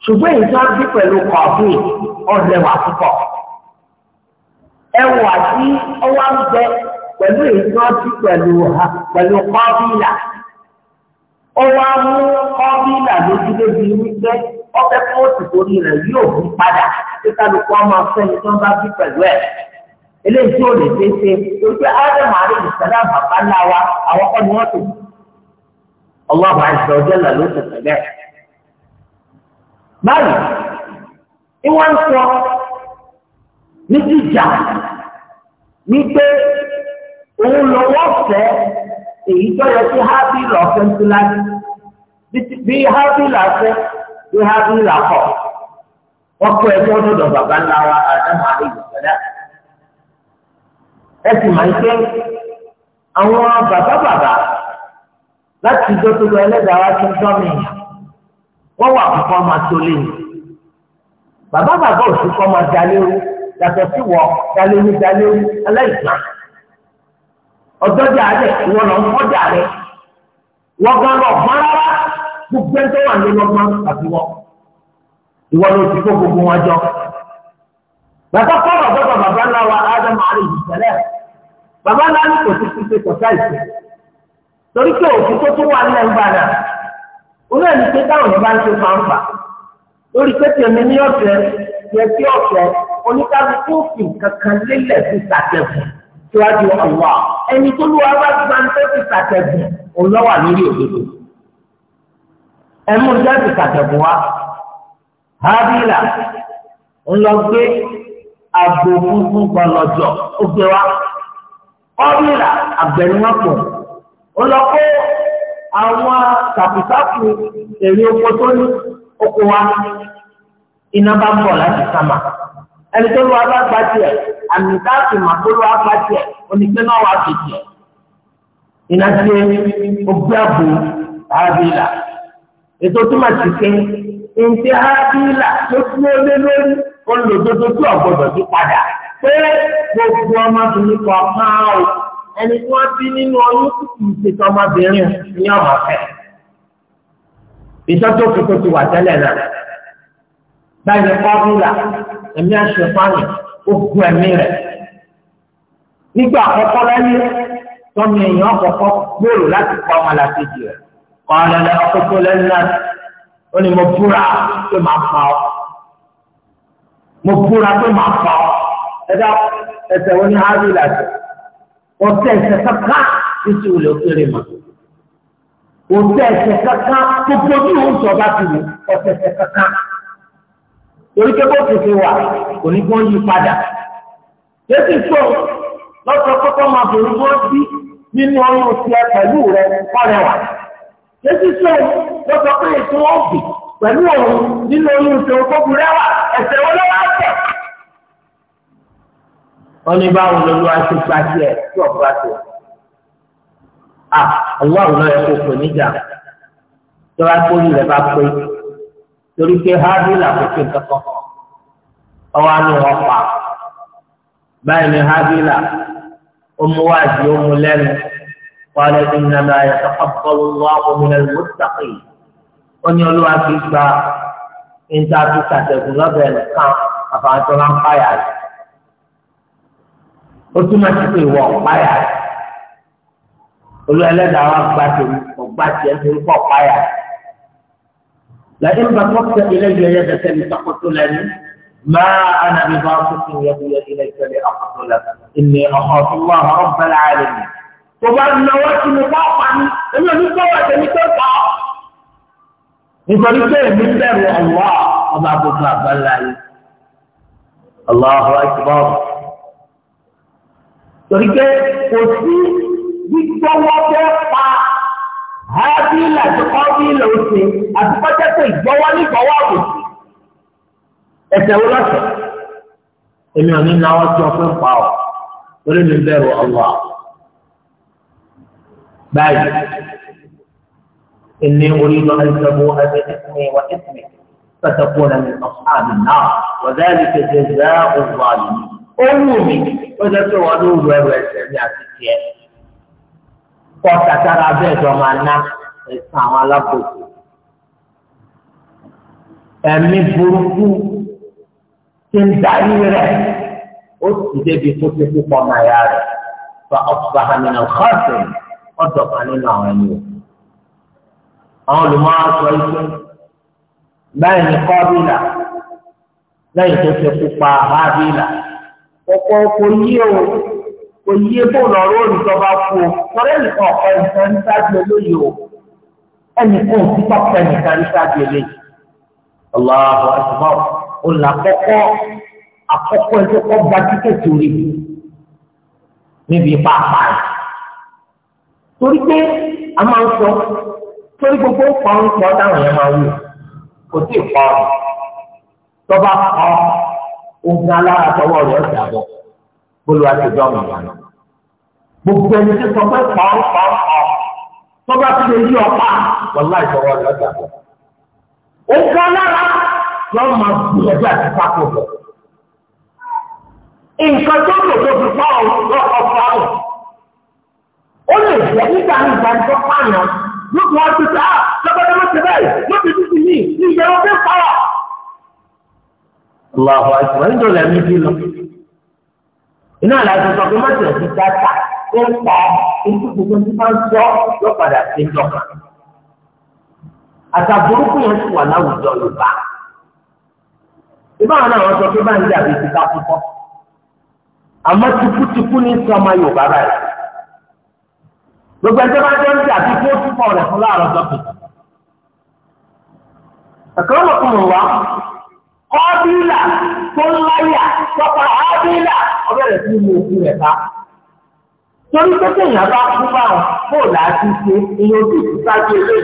ṣùgbọ́n èyí tí wọ́n bí pẹ̀lú kọ̀ọ̀bì ọ̀rẹ́ wa púpọ̀ ẹwà tí ọwọ́ ń bẹ pẹ̀lú èyí bí pẹ̀lú pẹ̀lú ọwọ́ mú kọ̀ọ̀bì là lójú wípé ọbẹ̀ torí rẹ̀ yóò mú padà tí kálukú ọmọ afẹ́ni bá bí pẹ̀lú ẹ̀ eléyìí tí lè ṣe Allahu azza wa jalla ló ti pẹ̀lẹ́. Báyìí, ìwọ́n ń sọ ní jíjà wípé òun lọ́wọ́ fẹ́ èyí tó yẹ kí hábìlì ọ̀fẹ́ ń tú láti. láti ìjọ tó lọ ẹlẹ́dàá wá ti ń dán mi wọ́n wà fún kọ́ máa tó lé mi bàbá bàbá òsì kọ́ máa dalérú yàtọ̀ sí wọ́ dalérú o aláìsàn ọ̀dọ́jà rẹ̀ ìwọ lọ ń kọ́jà rẹ̀ wọ́n gan lọ gbọ́n rárá gbogbo ẹni tó wà ní lọ́gbọ́n àti wọ́n ìwọ ló ti kó gbogbo wọn jọ bàbá kọ́ ọ̀dọ́gbọ̀n bàbá ńlá wa Ádámù àrè ìjìṣẹ́lẹ̀ bàbá ńlá ní kò sí pípé kọ̀ọ̀tà ìṣẹ̀lẹ̀ torí pé òfin tó tún wà nílẹ̀ ń gbà náà òun náà ní pé táwọn yẹn bá ń ṣe fanfa lórí pé tèmi ní ọ̀fẹ́ yẹ sí ọ̀fẹ́ oníkálukú òfin kankan lélẹ̀ sí sàtẹ̀gùn síwájú ọ̀wà ẹni tó lù wá bá ti máa ń fẹ́ sí sàtẹ̀gùn òun lọ́wà lórí òdodo ẹ̀mú jẹ́ sí sàtẹ̀gùn wa hábìlà ń lọ gbé àgbo funfun gbọlọjọ ó gbé wa kọ́bìlà àgbẹ̀nuwọ̀pọ̀ ó lọ kó àwọn tàkùtàkù èrè oko tó ní oko wa iná bá ń bọ̀ láti sámà ẹni tó lọ wá gba tiẹ̀ àmì táàkì mà tó lọ wá gba tiẹ̀ onígbé náà wá fi tiẹ̀ iná tí ó gbé àbò àbílà ètò tó máa ti ké ntí àbílà tó dúró lé lórí olùdókòtò ọgbọdọ tó padà pé gbogbo ọmọbìnrin kan máa ń ẹni tí wọ́n bí nínú ọyún kùkù ìṣètò ọmọbìnrin ní ọmọ fẹ́. ìtọ́jú òkúta ti wà tẹ́lẹ̀ náà. báyìí ni kọ́bílà ẹ̀mí àṣepáyì ó gu ẹ̀mí rẹ̀. nígbà àkọ́kọ́ láyé tọ́mi èèyàn àkọ́kọ́ gbòòrò láti pa ọmọ làkejì rẹ̀. ọ̀rọ̀ lẹ́nu ọkọ̀tọ̀ lẹ́nu náà ó ní mo búra pé màá pa ọ́. mo búra pé màá pa ọ́. ẹ ọ̀tẹ̀ ẹ̀sẹ̀ kaka títí olè òkèrè mà ọ̀tẹ̀ ẹ̀sẹ̀ kaka gbogbo bí òun sọ bá ti wù ọ̀tẹ̀ ẹ̀sẹ̀ kaka torí pé bóòtù ti wà kò ní kó yí padà yéésì tó lọ́sọ̀ kọ́kọ́ máa bẹ̀rù bó sí nínú ọrùn òsì ẹ pẹ̀lú rẹ kọ́rẹ́ wà yéésì tó lọ́sọ̀ pé ètò ọ̀gbìn pẹ̀lú ọ̀run nínú ọrùn òsì ọkọ̀ wà ẹ̀sẹ̀ wọlé wà wọ́n ní báwo lolú àti pàṣẹ ẹ̀ tí wọ́n pàṣẹ ẹ̀. à ọlọ́run náà yẹ kó pè níjà tọ́lá tó yìí rẹ̀ bá pé torí pé hábìlà kò fi kankan ọwọ́ àánú wọn pa báyìí ní hábìlà ó mú wáàdì ó mú lẹ́nu wọ́n lè fi nàmà ẹ̀sọ́ ọ̀pọ̀lọpọ̀ wọn òmìnira lùmọ́tàkì ní olúwa fi gba níta tó ṣàtẹ̀gùn lọ́bẹ̀ẹ́ nìkan àfàǹtọ́ láǹfààyà ó túmọ̀ sí pé ìwọ ọ̀páyà olú ẹlẹ́dàá wa gba tèmi ọ̀gbà tiẹ̀ nítorí pọ̀ ọ̀páyà lẹ́yìn bá tọ́kítà ilé ìlú ẹ̀yẹ dẹ́sẹ̀ ní sọ́kòtò lẹ́nu máa ànàbí bá tuntun yẹ̀kúyẹ ilé ìfẹ́lẹ́ ọ̀kọ̀tò lẹ́nu ìní tó wà ọ̀bẹ̀lẹ̀ àlẹ́ mi. tó bá náwó tí mo bá pa ní èmi ò ní sọ́wọ́ tèmi tó pa ọ́. nítorí pé èmi bẹ̀rù ọ̀wọ́ ọba gbogbo àgbáńlá yìí. Allahu akbar. torí pé kò sí gbígbọ́wọ́fẹ́ pa hábílà tó kọ́ bílà òsè àti pọ́jẹ́ pé ìgbọ́wọ́ nígbọ́wọ́ òsè ẹsẹ̀ wo lọ́sẹ̀ èmi ò ní náwó tí wọ́n fi ń pa ọ́ torí mi bẹ̀rù Allah báyìí إني أريد أن تبوء بإثمي وإثمي فتكون من أصحاب النار وذلك جزاء الظالمين ó wù mí ó jẹ́ pé wọn ló wù ẹrù ẹsẹ̀ ní àti tiẹ̀ kọ́ tàtàrà bẹ́ẹ̀ jọ máa ná ẹ̀sán àwọn alábòsí ẹ̀mí burúkú ti ń darí rẹ̀ ó sì débi tó ti púpọ̀ náà yá rẹ̀ fa ọ̀pọ̀ àmìnà ọ̀kọ́ọ̀sẹ̀ ọ̀dọ̀ kan nínú àwọn ẹni o. àwọn olùmọ̀ọ́ sọ iṣẹ́ báyìí ni kọ́bílà lẹ́yìn tó ti pupa hábílà ọ̀pọ̀ kò yí o kò yí ebó lọ́rọ́ olùjọba kú o lọ́rẹ́ nìkan ọ̀pọ̀ nìkan ń sáájú olóyè o ẹnìkan ò sí pàpẹ́ nìkan ń sáájú olóyè Allahu Akbar olùlàkọ́kọ́ àkọ́kọ́ ẹ̀ tó kọ́ gba tíkẹ́ẹ̀tì orí mi níbi pàápàá rẹ̀ torí pé a máa ń sọ torí gbogbo ọ̀pọ̀ ń sọ dáhùn yẹn máa wù kò sí ìpọ̀ tọ́ba kọ́ ogun alára tọwọ́ rẹ̀ ọ̀sẹ̀ àbọ̀ bólúwa ti dọ́ màmá náà. gbogbo ẹni tí sọ pé pàápàá tọ́ba ti lè yí ọ̀pá wọlá ìtọwọ́ rẹ̀ ọ̀sẹ̀ àbọ̀. ogun alára yóò máa gbìyànjú àti pákó lọ. nǹkan tó lò tó fi pa ọ̀pọ̀ pààrọ̀ ó lè jẹ́ nígbà nígbà tó pààyàn yóò fi wá ah, ti sá lọ́gbàdàmọ́sẹ̀ báyìí ló fi títí yìí ìyẹn ó fi pààrọ̀. Allahu akbar ń dòlẹ̀ mí bí lọ. Iná àlàyé sọ pé mọ́tò ẹ̀sìn dáta ó ń pa ojú gbogbo tí máa ń sọ lọ́padà sí ìjọba. Àṣà burúkú yẹn sì wà láwùjọ Yorùbá. Ìbáwọn náà wọ́n sọ pé púpọ̀. Àmọ́ tipútipú ní sọmọ Yorùbá báyìí. Gbogbo ẹjọ́ bá jẹ́ túbọ̀ rẹ̀ fún láàárọ̀ Ẹ̀kọ́ ọmọkùnrin wa kọ́bílà tó láyà tọ́pa ábílà ọbẹ̀rẹ̀ sí ilé ojú rẹ̀ bá. torí pé kéèyàn bá kú báwọn kó láti ṣe iye ojú ìsájú ilé.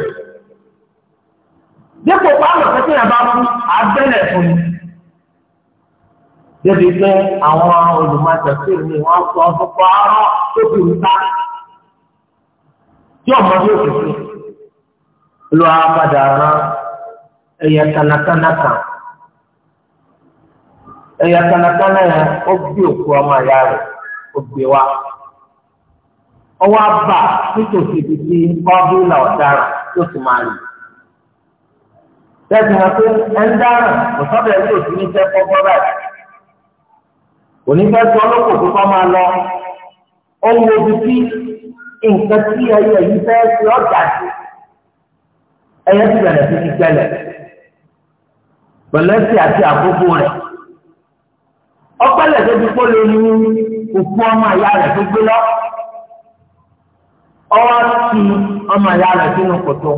dípò báwọn pé kéèyàn bá kú abẹ́rẹ̀ fún mi. débi pé àwọn olùmọ̀tẹ̀sí mi wọ́n sọ fúnpọ̀ ọ̀rọ̀ tó fi ń ta. tí ọmọ yóò fi fi lọ́ọ́ padà rán ẹ̀yẹ kánákáná ẹ̀yà kánakáná yẹn ó gbé òkú ọmọ ìyá rẹ̀ ó gbé wá. ọwọ́ àbá nítòsí ibi tí kọ́bílà ọ̀daràn tó sì máa lò. tẹ́sí pé ẹni dáràn ẹni òsì ní lọ. ó nǹkan tí ẹyẹ yìí ṣe sí. ẹyẹ ti sí ti ọpẹlẹ tó ti pọlọ ní òkú ọmọ àyà rẹ̀ tó gbé lọ ọwọ́ ti ọmọ àyà rẹ̀ sínú kòtò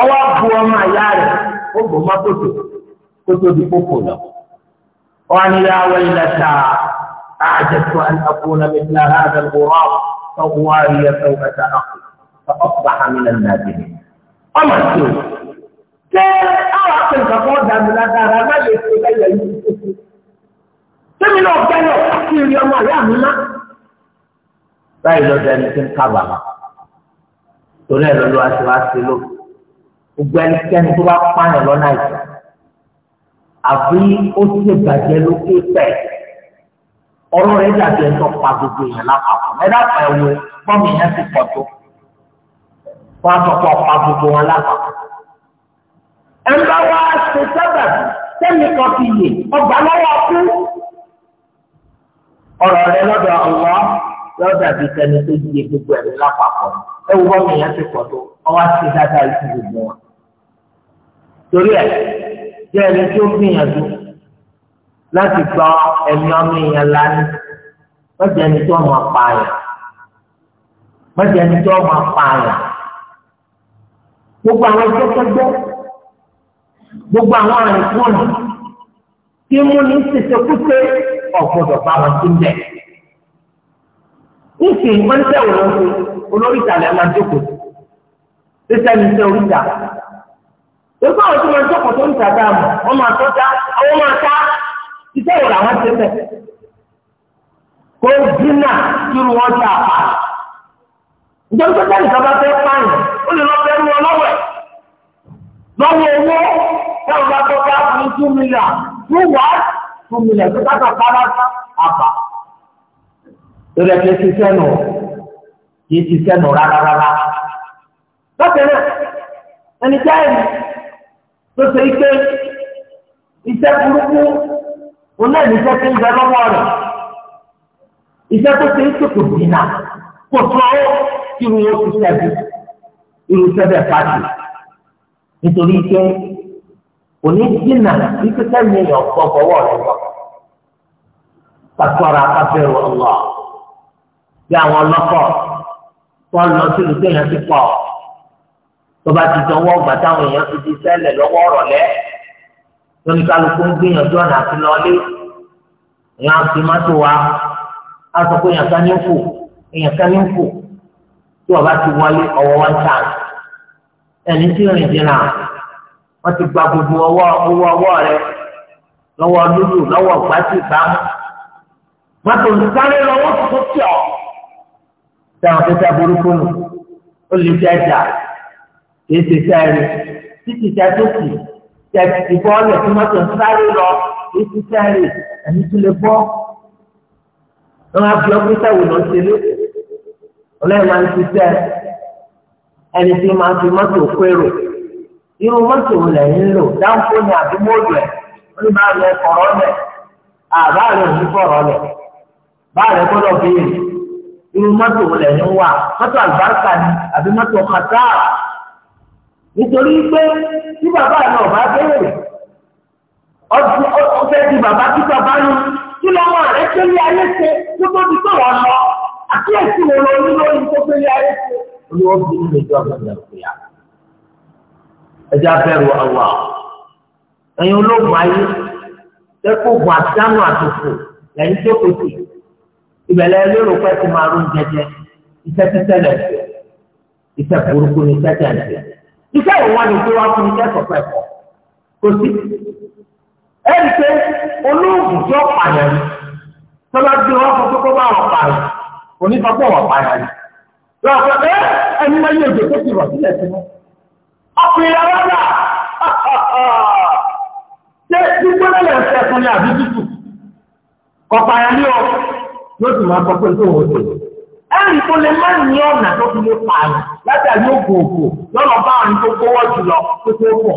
ọwọ́ bu ọmọ àyà rẹ̀ ó bò má kòtò kòtò di kókò lọ wọn ni yà wọ ta àjẹsọ àkúnà mẹsìlá hàdà lùwọ tọwọ àríyá tọwọ ẹta àkú ọkọ àmì nà nàbẹ ọmọ tí o ṣé àwọn akẹ́kọ̀ọ́ dàmínà dára má lè ṣe bẹ́ẹ̀ yẹ yìí tuntun sẹ́mi náà gbẹ́lẹ̀ kí n rí ọmọ àyà mi má. báyìí lọ́dọ̀ ẹni tí ń kábàámà torí ẹ̀ lọ́lọ́ àti wá sí ló gbogbo ẹnikẹ́ni tó bá pààyàn lọ́nà àìsàn àbí ó ti bàjẹ́ lókè pẹ̀ ọ̀rọ̀ rẹ̀ dàbí ẹ̀ńtọ́ pa gbogbo èèyàn lápapọ̀ ẹ̀dá pa ẹ̀wọ̀ bọ́ọ̀mù yẹn ti pọ̀ tó wọ́n á sọ pé ọ̀pá gbogbo wọn lápapọ̀ ẹ̀ ń ṣe sábà sẹ́mi kan yè ọgbà lọ́wọ́ ọkú ọ̀rọ̀ rẹ lọ́dọ̀ ọ̀wọ́ lọ́dọ̀ àti tẹni tó di gbogbo ẹ̀mí lápapọ̀ ẹ wo bọ́ọ̀mù yẹn ti pọ̀ tó ọwọ́ ti dáadáa ìtú gbogbo wọn. torí ẹ jẹ́ ẹni tó gbìyànjú láti gbọ́ ẹ̀mí ọmọ èèyàn lánìí mọ̀jẹ̀ ẹni tó máa pààyàn mọ̀jẹ̀ ẹni tó máa pààyàn gbogbo àwọn ìjọ́kẹ́gbẹ́ gbogbo àwọn àrùn tí mú ní ṣèṣekúṣe. ọ̀gbọ́dọ̀ bá wọn sí bẹ̀. Nísìnyí wọ́n ń tẹ̀wọ̀n lọ sí olóríta rẹ̀ máa jókòó. Sísẹ́ mi tẹ oríta. Gbogbo àwọn tó jókòó tó ń ta dáa mọ̀, wọ́n máa àwọn máa Iṣẹ́ ti Kó dínà wọn àpá. ìjọba fẹ́ pààyàn, ó lè lọ fẹ́ Lọ́wọ́ owó, táwọn bá fún two million tó kákan kára àbá lórí ẹgbẹ́ ti sẹ́nu kì í ti sẹ́nu rárá rárá. bákan náà ẹni jáìmù tó ṣe ike iṣẹ́ burúkú òun náà ní iṣẹ́ tó ń bẹ lọ́wọ́ rẹ̀ iṣẹ́ tó ṣe ike kò dínà kò tún ọ́ kí irun yóò ti sẹ́bi irun sẹ́bẹ̀ pàdé nítorí ike òní dínà ike sẹ́mi ọ̀pọ̀ bọ̀wọ̀ rẹ̀ lọ kásọ̀rọ̀ akáfẹ́rù ọ̀lọ́ bí àwọn ọlọ́kọ̀ wọ́n lọ sí ìlú téèyàn ti pọ̀ tó bá ti dán wọ́n gbà táwọn èèyàn ti di sẹ́lẹ̀ lọ́wọ́ ọ̀rọ̀ lẹ́ lóní kálukú ń gbìyànjú ọ̀nà àti lọ́lé èèyàn ti má tó wa á sọ pé èèyàn kan ní kù èèyàn kan ní kù tí wọ́n bá ti wọlé ọwọ́ wọn tà ẹni tí rìn dínà wọ́n ti gba gbogbo ọwọ́ ọwọ́ rẹ lọ́wọ́ lúlù lọ́wọ́ gbàtì bámú mọ́tò ń sáré lọ wọ́n tó tí ọ̀ táwọn tó tẹ burúkú nù ó lè tẹ ẹja kì í ṣe sẹ́ẹ̀rì títí tẹ tó tì tẹ ti bọ́ ọ̀lẹ̀ tí mọ́tò ń sáré lọ kì í ṣe sẹ́ẹ̀rì ẹ̀mí tún lè bọ́ wọn á fi ọkùnrin sẹ́wọ̀n lọ sí ilé ọlọ́run máa ń ṣiṣẹ́ ẹni tí máa fi mọ́tò pérò irú mọ́tò rẹ̀ ń lò dáńfó ni àbí mọ́ọ̀lù ẹ̀ ó ní máa lọ ẹ̀kọ́ rọ́ọ̀lẹ̀ àbá rẹ̀ ò fọ̀rọ̀ rẹ̀. báàrẹ̀ gbọ́dọ̀ béèrè irú mọ́tò wọlé ní wà mọ́tò àlùbáríkà ni àbí mọ́tò kàtà nítorí pé tí bàbá náà bá béèrè ọfẹ́ di bàbá tí bàbá ní kí ayé ṣe tó tó ti tó wọn lọ àkíyèsí ní lórí tó tẹ́lẹ̀ ayé ṣe olúwọ́n ẹjẹ ayé ògùn àti dánù àtòkò tó kò ìbẹ̀lẹ̀ lérò pé ti máa rún jẹjẹ iṣẹ́ títẹ́ lẹ̀ ṣe iṣẹ́ burúkú ni iṣẹ́ tẹ̀ ṣe iṣẹ́ ìwádìí tó wá fún iṣẹ́ sọ̀pẹ́ kọ̀ kò sí. ẹ rí i pé olóògùn tí ó pààyàn ni tó bá gbé wọn fún bá wọn pààyàn òní sọ wọn pààyàn ni. lọ́pọ̀ ẹ ẹni máa yẹ òjò tó ti rọ̀ sílẹ̀ sí wọn. ọkùnrin arábà ṣé gbígbóná yóò sì máa sọ pé tó wọ́n ṣe. ẹ̀rì tó lè má ní ọ̀nà tó fi lè pààyàn látàrí ògòògò lọ́nà bá àwọn tó gbówó jùlọ tó tó pọ̀.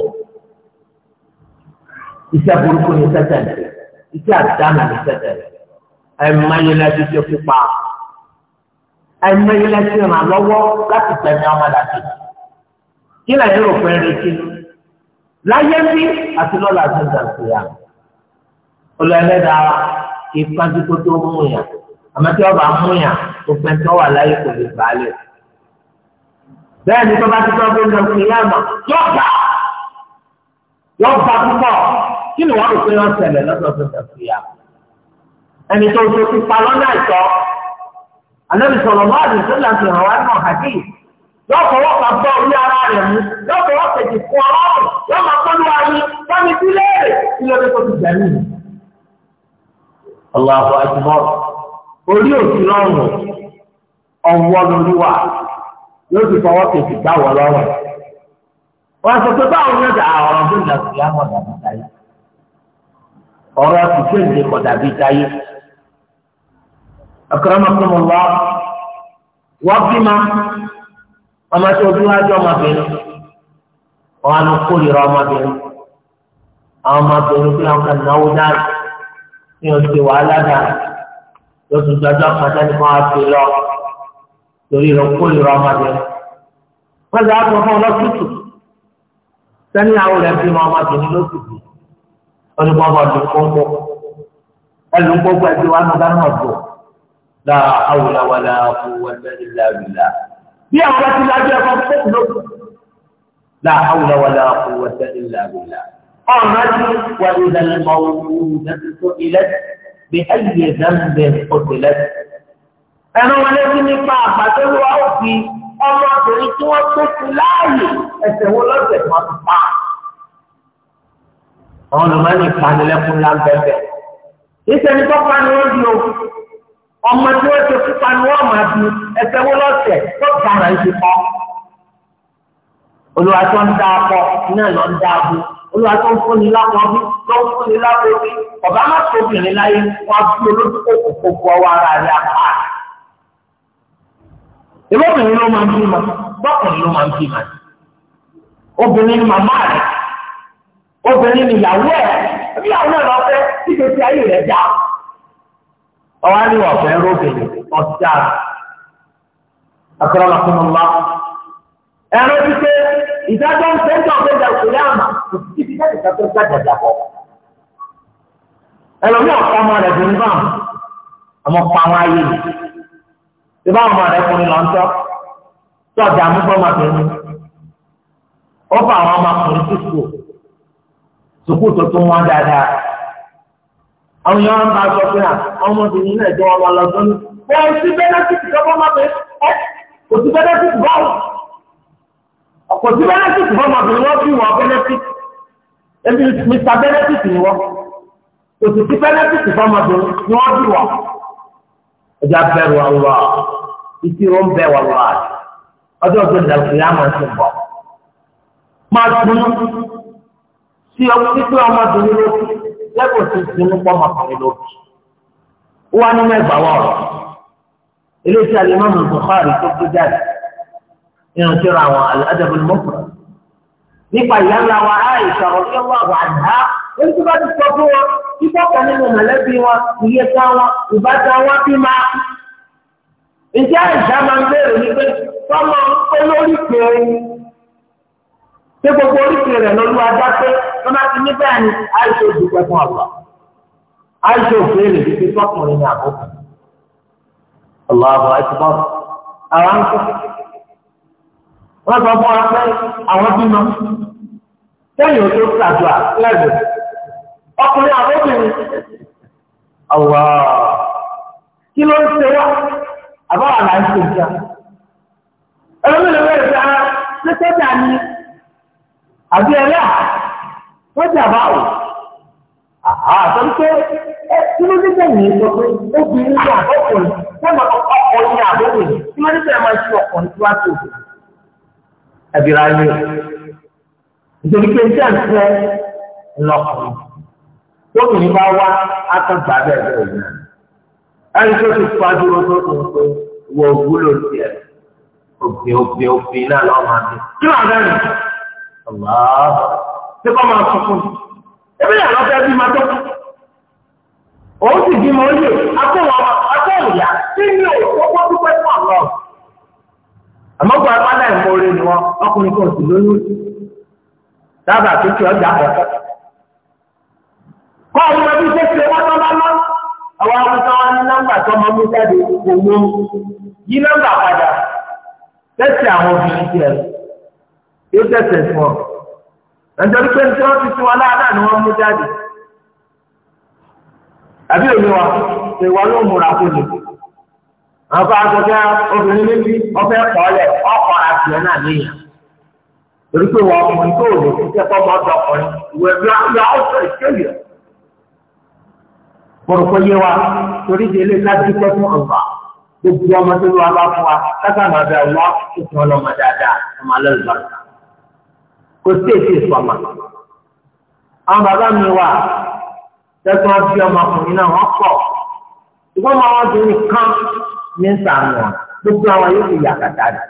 iṣẹ́ burúkú ni sẹ́tẹ̀ rẹ̀ iṣẹ́ àdáná ni sẹ́tẹ̀ rẹ̀ ẹ̀mọ́yé lẹ́sí tó fi pa ẹ̀mọ́yé lẹ́sí ràn lọ́wọ́ láti tẹ̀lé ọmọdé àti kí lẹ́yìn rò fẹ́ retí láyé bí àti lọ́la àti ìdàgbéyà olùẹlẹ́dàá ìpàdé tó tó mú yàn àmọ́ tí ọba múyàn òpin tí wọ́n wà láyé kò lè gbà á lẹ̀. bẹ́ẹ̀ ni tọ́ba ti tọ́ bóńdà òkè yàmà yóò gbà yóò gbà púpọ̀ kí ni wọ́n rò pé wọ́n ṣẹlẹ̀ lọ́dọ̀ bóńdà òkè yàmà. ẹni tó tó ti pa lọ́nà ìtọ́ ànábì sọ̀rọ̀ mọ́ àdìsí láti hàn wá náà hàdí yóò fọwọ́ pa gbọ́ orí ara rẹ̀ mú yóò fọwọ́ pèjì fún ọlọ́run yóò máa kọ́ lóra yín fọ́mi sílẹ̀ rẹ̀ kí ló tó ti jẹ́ nìyí. orí òsì lọ́rùn ọ̀wọ́ lórí wa yóò ti fọwọ́ kejì gbá wọ lọ́rùn. wọ́n sọ pé yóò dà ah, ọ̀rọ̀ bí ìlàsì àmọ̀ dàbí táyé ọ̀rọ̀ ti kéde kọ̀ dàbí táyé. akramakumullah wọ́n bímọ ọmọ tó bí ọmọbìnrin wọn ọmọbìnrin àwọn ọmọbìnrin bí wọn náwó ní oṣù wàhálà lọ́sùn gbàdúrà pàtó nìkan á ti lọ torí rẹ kó lè ra ọmọdé wọ́n lè àtọ̀ fún ọlọ́sùtù sẹ́ni àwọn rẹ̀ bí wọn ọmọbìnrin lọ́sùtù wọ́n ní wọ́n bọ̀ lù kóńkó ẹlù kóńkó ẹ̀sìn wa nígbà náà bọ̀ la awla wala quwwata illa billah bí àwọn bá ti lájú ẹ̀kọ́ fún lọ́sùtù la awla wala quwwata illa billah ọ̀rọ̀ náà ti wà ìdàlẹ̀ bí ayé dánbẹ̀ ọ̀tẹ̀lẹ̀. ẹnu wọn létí nípa àgbàdéwò àwòfi ọmọbìnrin tí wọ́n tó ti láàyè ẹsẹ̀ wo lọ́sẹ̀ wọn ti pa. àwọn olùmọ̀ọ́nì ìpanilẹ́kùn lábẹ́bẹ̀. ìṣẹ́ni tó pa ni wọ́n di o ọmọ tí wọ́n ti fún pa ni wọ́n máa di ẹsẹ̀ wo lọ́sẹ̀ tó kàrà ń ti pọ̀ olùwà tó ń dá akọ náà lọ ń dá abo olùwà tó ń fúnni lápò bí tó ń fúnni lápò bí ọba má tóbìnrin láyé wọn fi olójú kòkò kókó ọwọ́ ara rẹ apá ìbọ̀bìnrin ló máa ń bímọ bọ́kùnrin ló máa ń bímọ obìnrin ni màmá rẹ obìnrin ni ìyàwó ẹ ìyàwó náà lọ fẹ́ títí ti ayé rẹ dá ọwọ́ á ní ọ̀fẹ́ róbìnrin ọ̀sán akọrọ̀lọ́kùnrin lọ ẹ̀rọ ti ìdájọ́ ń tẹ́jọ́ ọ̀gbẹ́jà òṣèlú àmà kò sí ibi jáde ìdájọ́ gbàjàjà bọ̀. ẹlòmí ọ̀pá ọmọ rẹ̀ dùn náà àmọ́ pa wọn ayé mi tí bá ọmọ rẹ̀ kùnrin lọ ń tọ́ tí ọ̀dà àmúgbọ́mọ tó ní ó fà àwọn ọmọkùnrin sí sùkúù sùkúù tó tún wọn dáadáa àwọn yẹn wọn bá sọ pé à ọmọbìnrin náà jẹ́ ọmọ lọ́sọ́nù wọ́n ti bẹ́ẹ̀ náà ti ti ọ̀pọ̀ tí benefit fún ọmọbìnrin wọn fi wọ benefit ebi mr benefit ni wọn kò sì sí benefit fún ọmọbìnrin ni wọn fi wọ. ẹja bẹ̀rù ọlọ ìṣirò ń bẹ wọlọ ọjọ́ tó dàgbé yá máa ń sìn bọ. máa dùn sí ọmọ pípé ọmọbìnrin ló fi lẹ́kọ̀ọ́ sí ìsinmi pọ̀ ọmọbìnrin ló fi. wọ́n á ní mẹ́gbàá wọ̀ ọ̀rọ̀ eléyìí tí alimami Bukhari tó gbé jáde nínú tíra àwọn al-adabul mufrad nípa ìyá ńlá wa Aisha radiyallahu anha èyí tó bá ti sọ fún wọn kíkọ́ kan nínú mọ̀lẹ́bí wọn ìyẹ́ta wọn ìbáta wọn bí máa. Ǹjẹ́ Aisha máa ń béèrè ní pé tọ́mọ olórí kéré ṣé gbogbo oríkèé rẹ̀ lọ́lú ajá pé wọ́n bá ti ní bẹ́ẹ̀ ni Aisha òdùpẹ́ fún àgbà. Aisha òfèèrè títí tọkùnrin ní àbúkù. Allahu akbar àwọn akọ́kọ́ wọ́n sọ fún wa pé àwọn bímọ sẹ́yìn ò tó ṣàdùà lẹ́gbẹ̀ẹ́ ọkùnrin àbóbìnrin àwọ̀ kí ló ń ṣe wá àbáwà là ń ṣe ìjà ẹlẹ́mìnira bẹ́ẹ̀ ṣe ara ṣé sọ́jà ni àbí ẹlẹ́ à sọ́jà báwò àtọ́jú pé ẹ kí ló dé sẹ́yìn sọ pé obìnrin ní àbọ̀kùnrin sẹ́yìn ọkọ̀ ní àbóbìnrin kí ló dé ṣe ọkùnrin tí wàá tó obìnrin ẹbíra yín nítorí pé ṣé ń fẹ́ lọ́kùnrin tóbìnrin bá wá akọgbà bẹ́ẹ̀ bẹ́ẹ̀ náà ẹni tó ti fàájú ló tó tún pé wọ òwúlò tiẹ̀ òbí òbí òbí náà lọ máa bí kí ló ń dẹrù ọlá ṣé kọ́ máa sọ fún mi ebi yàrá ọ̀fẹ́ bí ma tó òun sì bí ma ó yè akọ̀wọ̀ akọ̀wọ̀ kí ni òun kọ́kọ́ dúpẹ́ fún àlọ́ àmọ́ gba a ìmọ̀ọ́rẹ́ ni wọn ọkùnrin kan sì lóyún dábàá tó ọjà kọ́ bí ṣe ṣe wọ́n tán bá àwọn ní nọ́mbà tó ọmọ mú jáde owó yí nọ́mbà padà àwọn obìnrin tiẹ̀ yóò tẹ̀sẹ̀ fún ọ. nítorí pé tí wọ́n ti tún wọn láàdá ni wọ́n mú àwọn bá aṣọ kẹ́ obìnrin méjì ọfẹ́ kọ́ọ̀lẹ̀ ọkọ̀ àti ẹ̀ náà níyàn torí pé wọn ọmọ tó lè fi kẹ́kọ̀ọ́ mọ́ ọdọkùnrin ìwé bí wọn yà ó sọ ìkéyè kórópọ̀ yé wa torí di ilé láti pẹ́ fún ọ̀gbà gbogbo ọmọ tó lù wá fún wa káká máa bẹ wá ìtàn ọlọmọ dáadáa ọmọ alẹ́ lọ́dà kò sí èsì ìfọ̀mà àwọn bàbá mi wà tẹ́tọ́ bí ọmọkùnrin náà wọ́n pọ̀ ṣùgbọ́n máa wọ́n ti ní sànù ọ gbogbo àwọn yóò fi yàkàtà rẹ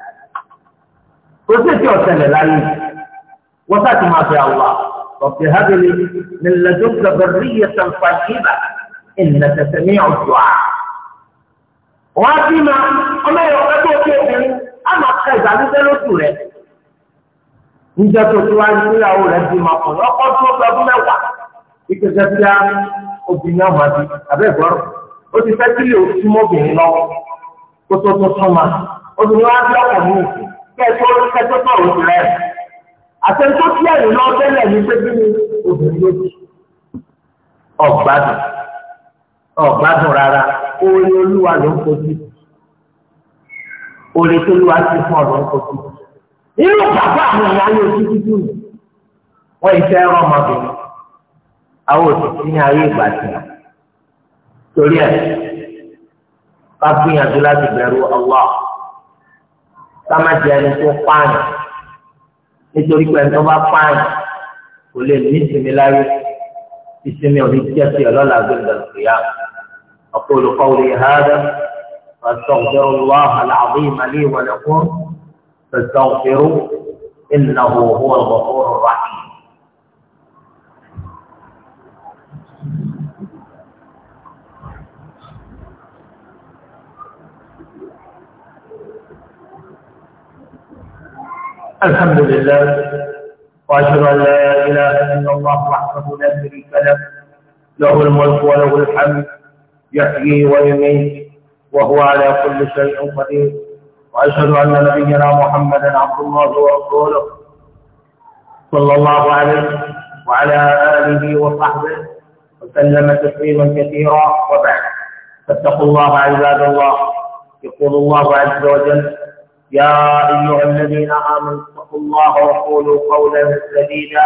kò sí èsì ọ̀sẹ̀lẹ̀ láyé wọ́n sá ti máa fi àwọn ọ̀sẹ̀ hábìlì nílẹ̀dún gbẹ̀bẹ̀rẹ̀ yẹ sànfà yíba ìnàtẹ̀sẹ̀ ní ọ̀dọ́ à. wọ́n á bí ma ọmọ ẹ̀rọ ẹgbẹ́ òkè obìnrin á máa ka ìbànújẹ́ lójú rẹ̀ níjẹ́ tó tó wá níyàwó rẹ̀ bí ma kọ̀ lọ́kọ́ tó lọ mẹ́wàá ìkẹ́kẹ́ bí i obìnrin náà máa bí ó ti fẹ́ kílè ó lọ́wọ́ kó tó tó tó máa obìnrin wa ń dọ̀kọ̀ mí kẹ́ẹ̀tọ́ kẹ́ẹ̀tọ́ tó àwọn òṣèlè rẹ̀ àtẹ̀tọ́ tí ẹ̀rù lọ tẹ́lẹ̀ ní pé kí ni obìnrin ló ti ọ̀gbádùn ọ̀gbádùn rárá orí olúwa ló ń kojú orí tó lúwa ti fún ọ̀dọ̀ ń kojú nínú bàbá àwọn ìyá yóò ti dúdú wọn ìfẹ́ ẹ̀rọ ọmọbìnrin àwọn òṣìṣẹ́ ní ayé ìgbà tiwọn torí ẹ̀ ká gbìyànjú láti bẹ̀rù Allah ká má jẹ ẹni tó pààyàn nítorí pé ẹni tó bá pààyàn kò lè ní ìsinmi láyé ìsinmi ò ní jẹ́ sí ọlọ́lá gbẹ̀ngàn ìyá أقول قولي هذا وأستغفر الله العظيم لي ولكم فاستغفروا إنه هو الغفور الرحيم الحمد لله وأشهد أن لا إله إلا الله وحده لا شريك له له الملك وله الحمد يحيي ويميت وهو على كل شيء قدير وأشهد أن نبينا محمدا عبد الله ورسوله صلى الله عليه وعلى آله وصحبه وسلم تسليما كثيرا وبعد فاتقوا الله عباد الله يقول الله عز وجل يا أيها الذين آمنوا اتقوا الله وقولوا قولا سديدا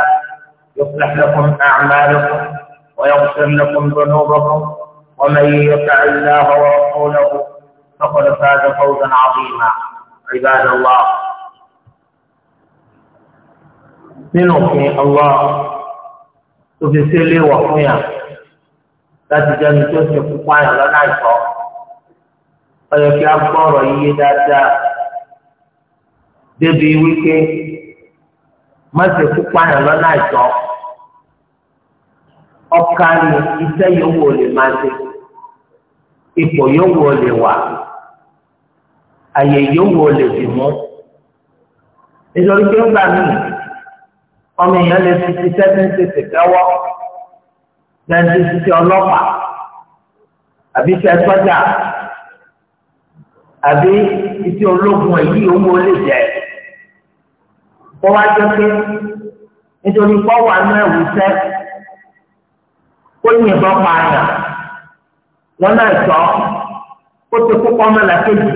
يصلح لكم أعمالكم ويغفر لكم ذنوبكم ومن يطع الله ورسوله فقد فاز فوزا عظيما عباد الله من òfin الله tó سيري sí ilé ìwọ̀ fún yàn láti jẹ́ni tó ṣe púpọ̀ àyàn lọ́nà kí a gbọ́ ọ̀rọ̀ yíyé dáadáa débi wípé mọ̀sẹ̀ púpà yàn lọ́nà àìsàn ọkà ni iṣẹ́ yòówù ò lè máa ṣe ipò yòówù ò lè wà àyè yòówù ò lè fi mú nítorí pé ńgbà míì ọmọ èèyàn lè fi ṣiṣẹ́ ní ṣèṣe fẹ́wọ́ lẹ́nu ṣiṣẹ́ ọlọ́pàá àbí ṣẹ́ sọ́jà àbí ṣiṣẹ́ ológun èyí yòówù ò lè jẹ́ kọ́ wá jẹ́ pé nítorí kọ́ wà ní ẹ̀wù sẹ́ kó yìnbọn pa àyàn lọ́nà ìtọ́ kó ti kú pọ́nmọ́lá kejì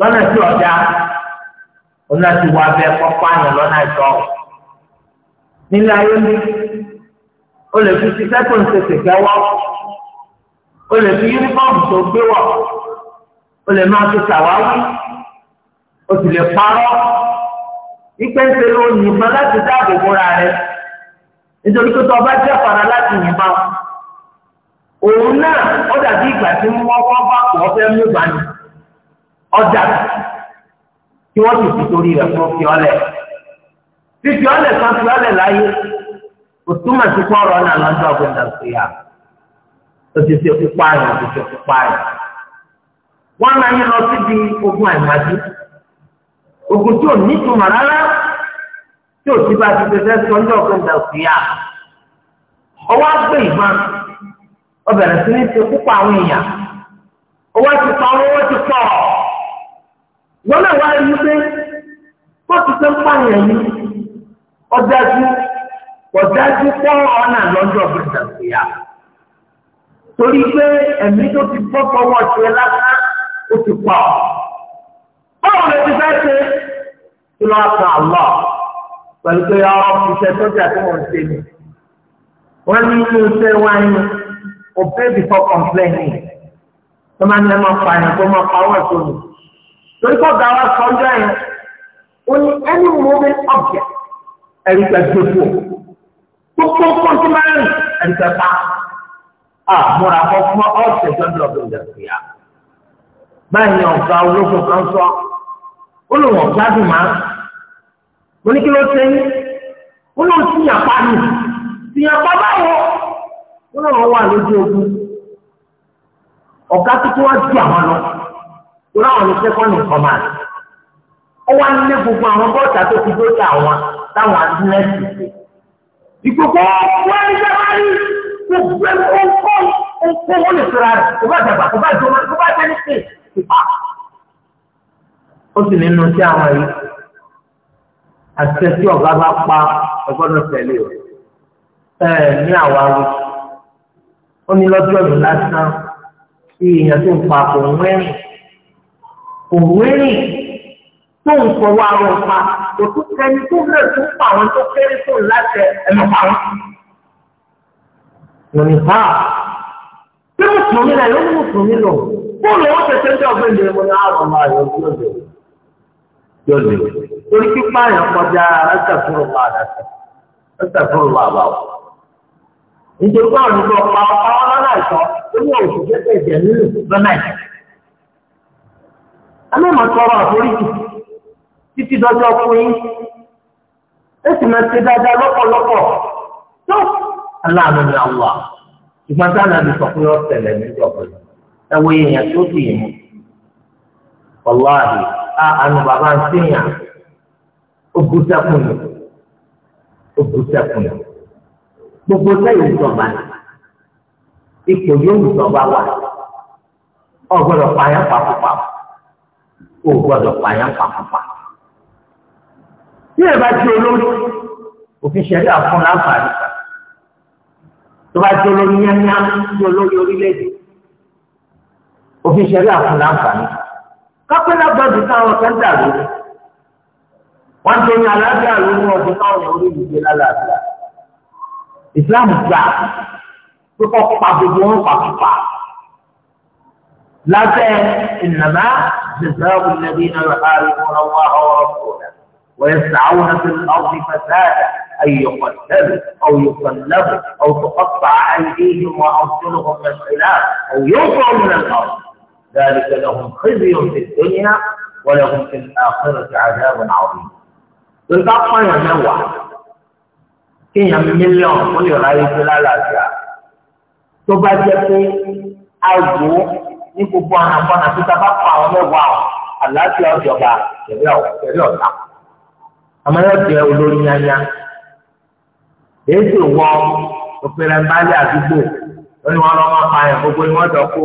lọ́nà tí ọ̀dà òun náà ti wọ abẹ́ kọ́ pa àyàn lọ́nà ìtọ́ nílé ayé mi o lè fi ṣiṣẹ́ tó ń ṣe ṣèkẹ́ wọ́ o lè fi yúnífọ́ọ̀mù tó gbé wọ̀ o lè máa fi ṣàwáwí o sì lè parọ́. Ikpe ń ṣe ló yìnbọn láti dáàbò bóra rẹ nítorí pé tọba jẹ́ fara láti yìnbọn òun náà ó dàbí ìgbà tí wọ́n wọ́n bá kọ́ ọ fẹ́ mú ọjà wọ́n sì fi torí rẹ̀ fún fi ọlẹ̀ fífi ọlẹ̀ kan fi ọlẹ̀ láyé kò túmọ̀ sí kọ́ ọ̀rọ̀ náà lọ́jọ́ ọ̀gbìn àgbéyà ó ti ṣe fipá rẹ̀ ó ti ṣe wọ́n ogun tí ò ní ìtumọ̀ rárá tí o sí bá ti tẹ̀sẹ̀ sọ ní ọ̀gbìn dàkúyà ọwọ́ àgbẹ̀ ìbọn ọbẹ̀rẹ̀ sí ní ti púpọ̀ àwọn èèyàn ọwọ́ ti pa ọwọ́ ti pọ̀ wọn náà wá rí pé ti fẹ́ torí pé ẹ̀mí tó ti fọwọ́ lásán ó báwo lè ti fẹ́ ṣe kí ló wá kan àlọ́ pẹ̀lú pé ọ iṣẹ́ sọ́jà tí wọ́n ṣe ni wọ́n ní inú iṣẹ́ wa ni obey before complaining tó máa ní ẹ máa pa ẹ̀ tó máa pa ọwọ́ ẹ̀tọ́ mi torí kọ́ gàwa sọ́jọ́ yẹn ó ní any moving object ẹ̀rí gbà gbogbo gbogbo kọ́ńtì máa ń ẹ̀rí gbà pa á múra kọ́ fún ọ́ ṣẹ̀jọ́ ní ọ̀gbìn ìdàgbìyà báyìí ni ọ̀gá ológun kan sọ. ó lò wọ́n gbádùn má mo ní kí ló ṣe ó lò sí ìyàpá nù ìyàpá báwo ó lò wà lójú ogun ọ̀gá tuntun wá ju àwọn lọ ó láwọn ní sẹ́kọ́ndì kọ́mán ó wá nílé gbogbo àwọn bọ́ọ̀tà tó fi àwọn táwọn ṣe ìgbòkó ń ó sì nínú sí àwọn yìí àṣẹ tí ọ̀gá bá pa ẹgbọ́dọ̀ tẹ̀lé o ẹ ní àwáwí ó ní lọ́jọ́ ìlú lásán tí èèyàn tó ń pa kò ń rẹ́rìn kò rẹ́rìn tó ń fọwọ́ àwọn pa kò tún kẹni tó ń rẹ̀ tó ń pa àwọn tó kéré tó ń láṣẹ ẹnu pa wọn. lónìí bá tí mùsùlùmí náà yóò mùsùlùmí lò fóònù wọn tẹ̀sẹ̀ ń jẹ́ ọ̀gbẹ́ni ẹ̀mọ́ náà àwọn ọmọ àyọ̀ ọdún ọ̀dọ̀ yóò torí pípa yẹn kọjá ẹsẹ̀fúnru padà sí ẹsẹ̀fúnru bàbá o. nítorí pé àwọn ọ̀dọ́ pa ọ̀pá lọ́nà ìtọ́ ó ní òṣìṣẹ́ tẹ̀ jẹ́ nínú lọ́nà ìtọ́. alẹ́ màá tọrọ àforíjì títí dọ́jọ́ fún yín sì máa ṣe dáadáa lọ́pọ̀lọpọ̀ tó aláàánú ni ìgbà a nàbì sọ pé ọ̀sẹ̀ lẹ́nu ìjọba ẹ wo èèyàn tó ti yìí mú. àánú bàbá ń sèyàn ogun sẹ́kùn yìí ogun sẹ́kùn yìí gbogbo sẹ́yìn ìjọba ipò yóò ìjọba wà ọ gbọ́dọ̀ pààyàn pàpàpà o gbọ́dọ̀ pààyàn pàpàpà tí ẹ bá tí olórí òfin ṣẹlẹ̀ àfún láǹfààní kan tó bá tí olórí yányá tí olórí orílẹ̀ òfin ṣẹlẹ̀ àfún láǹfààní kan. kápẹ́lá gbọ́dọ̀ táwọn kan dàrú wọ́n tó ní aláàbíà ló ní ọdún táwọn orí ìgbé lálàáfíà ìsìláàmù gbà pípọ́ pa gbogbo wọn pàpàpà lábẹ́ ìnàmá jẹ̀sẹ̀rọ̀ lẹ́bí náà ààrẹ wọn wá ọ̀rọ̀ kọ̀ọ̀dà wọ́n yẹ sàáwọ́ náà tó lọ́wọ́ fi fasáàdà أن يقتلوا أو يصلبوا أو تقطع أيديهم وأرجلهم من خلاف أو يوقعوا من الأرض ذلك لهم خزي في الدنيا ولهم في الآخرة عذاب عظيم lórí apá yẹn mẹ́wàá kéèyàn mílíọ̀nù ó lè ráyé tó lálàáfíà tó bá jẹ́ pé àgbo ní gbogbo ànàkọ́nà tó sábà pa àwọn mẹ́wàá ọ̀ àlàáfíà ọ̀jọba tẹ̀lé ọ̀tá àmọ́ yóò jẹ́ olórí yányá èyí tó wọ òpèrè ń bá lé àdúgbò ó ní wọn lọ́ máa pa yẹn gbogbo ni wọ́n dọ̀ kó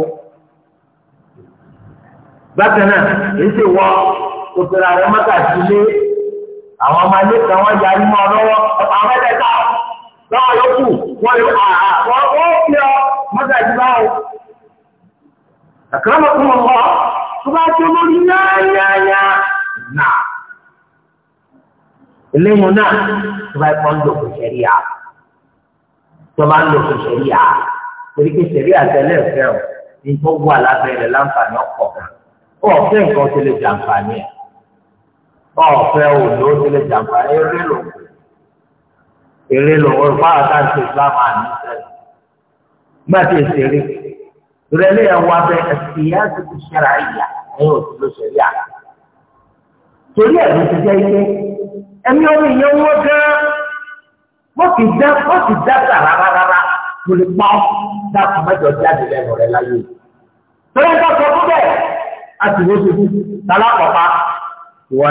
bákan náà èsì wọ òtòrò àwọn mọ́tàdì lé àwọn ọmọ ilé kan wọ́n yarí mọ́ lọ́wọ́ àwọn ẹ̀dẹ́ta lọ́wọ́ yòókù wọ́n yóò àhà wọ́n wọ́n fi ọ mọ́tàdì báwo. àkàrà mọ̀kún mọ̀ wọ́n tó bá tó lórí yáyáyá náà. eléyìí náà tó bá kọ́ ń lò fún ṣẹ̀ríà tó bá ń lò fún ṣẹ̀ríà torí pé ṣẹ̀ríà tẹ́lẹ̀ o ní tó wà lábẹ́rẹ̀ láǹfààní ọ̀pọ̀ kan ọ̀fẹ́ nǹkan ti lè jàǹfààní ẹ̀ ọ̀fẹ́ òòlù ó ti lè jàǹfààní eré lò eré lò olùkọ́ àwọn táwọn ti Islam àná sẹ́yìn gbàtí ìṣeré ìrẹ̀lẹ̀ yẹn wá bẹ ẹ̀sìn yẹn ti fi ṣẹ́ra ìyá ẹ̀yìn òsì ló ṣe rí àná torí ẹ̀ ló ti jẹ́ ilé ẹ̀mí ọmọ ìyẹn wọ́n gan wọ́n ti dá wọ́n ti dá tà rárára lórí pọ́n dákùn mẹ́jọ jáde lẹ́nu rẹ̀ láyé. torí ẹ̀ a sì wó ṣubú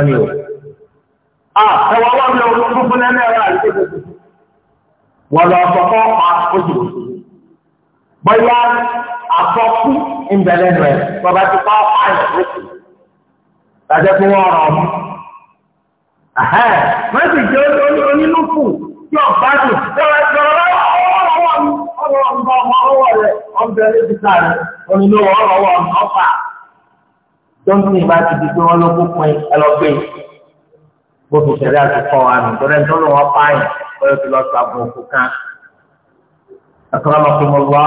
ni o. a ẹwà ẹ̀rọ lọ rẹ̀ ti pa ọ́pá sí tàjẹ́ wọ́n rọ̀ wọ́n sì jẹ́ onínúkù tí lọ́wọ́ tó ń sìn bá ti di pé wọ́n ló kó pin ẹlọ́gbìn bó fi ṣẹlẹ̀ àtúkọ wa nù tó rẹ̀ ń tó lò wọ́n pààyàn lọ́yọ̀ tó lọ́ọ́ sàbùn òkú kan. àkàràmọ̀ fún mi wá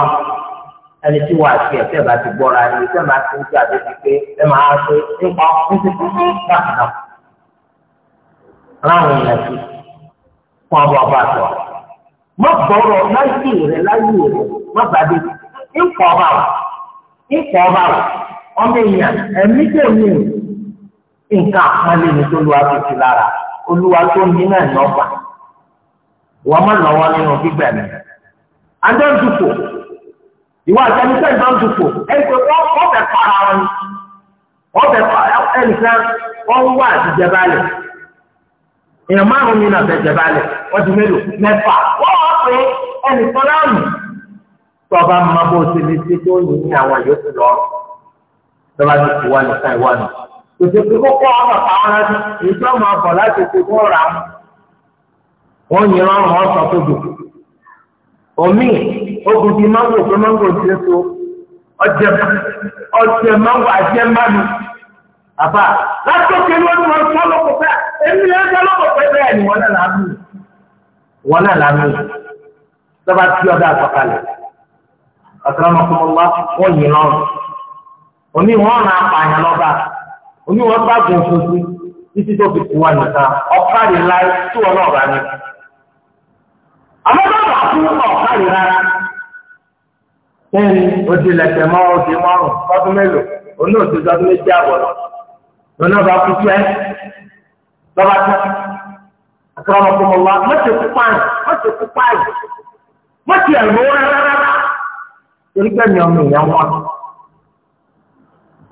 ẹni tí wàá ti ẹ̀ tẹ́ẹ̀ bá ti gbọ́ra ẹni tẹ́ẹ̀ bá ti ń ṣe àdébí pé ẹ máa ṣe nípa ń ti kú èèyàn sí fún abọ́ abọ́ àtọ̀. má gbọ́rọ̀ láyé rẹ̀ láyé rẹ̀ má gbàdé ń ọba rẹ̀ ọmọ èèyàn ẹ̀mí tèmi nǹkan àpọ́nlé ni tó lu akéwì lára olúwa tó ń bí náà ní ọgbà wọ́n má lọ́wọ́ nínú gbígbà mi. adó ń dupò ìwà àtẹnusẹ́ ìdó ń dupò ẹ̀sìn wọ́n fẹ́ para wọn wọ́n fẹ́ para ẹnìkan wọ́n ń wá àtijọ́ balẹ̀ èèyàn márùn-ún mi náà jẹ balẹ̀ wọ́n mélòó mẹ́fà wọ́n wá pé ẹnìkan láàmú tọ́ba máa bó ṣe lè ṣe tó yìí ní àwọn yòókù lọ́rùn lọ́ba ti ti wá nìkan ìwà nù. Kòtò pé kókó ọmọ àwọn láti èyí tó máa bọ̀ láti kó tó rà á. Wọ́n yẹn wọ́n mọ̀ ọ́sọ̀ tó dùn. Omi ogun ti mángò pé mángò ti ń ọjẹ ọjẹ mángò àjẹ mánu. Àbá látòkè ni wọ́n ti wọ́n sọ́ lọ́kọ̀ pẹ́ èmi lè sọ́ lọ́kọ̀ pẹ́ bẹ́ẹ̀ ni wọ́n náà láàmú. Wọ́n náà láàmú. Lọ́ba tí ọ̀dà àtọ̀kalẹ̀. Àtàràmọ̀kọ́mọ́ wá wọ́n yẹn lọ́rùn òní wọn máa pààyàn lọ́ba òní wọn bá gùn fúnfún títí tó fi kú wa nìkan ọ̀kárì láì tí wọn náà bá ní. àmọ́ bàbá fún ọ̀kárì rárá ẹni odi lẹsẹ mọ odi márùn ọdún mélòó òní òdi ọdún méjì àbọ̀ lọ lọ́nà bá kú pẹ́ lọ́ba tán akọ́nà kó mọ̀ wá mọ̀tì kú pààyàn mọ̀tì kú pààyàn mọ̀tì ẹ̀rọ rárá torí pé mi ọmọ ìyá wọn.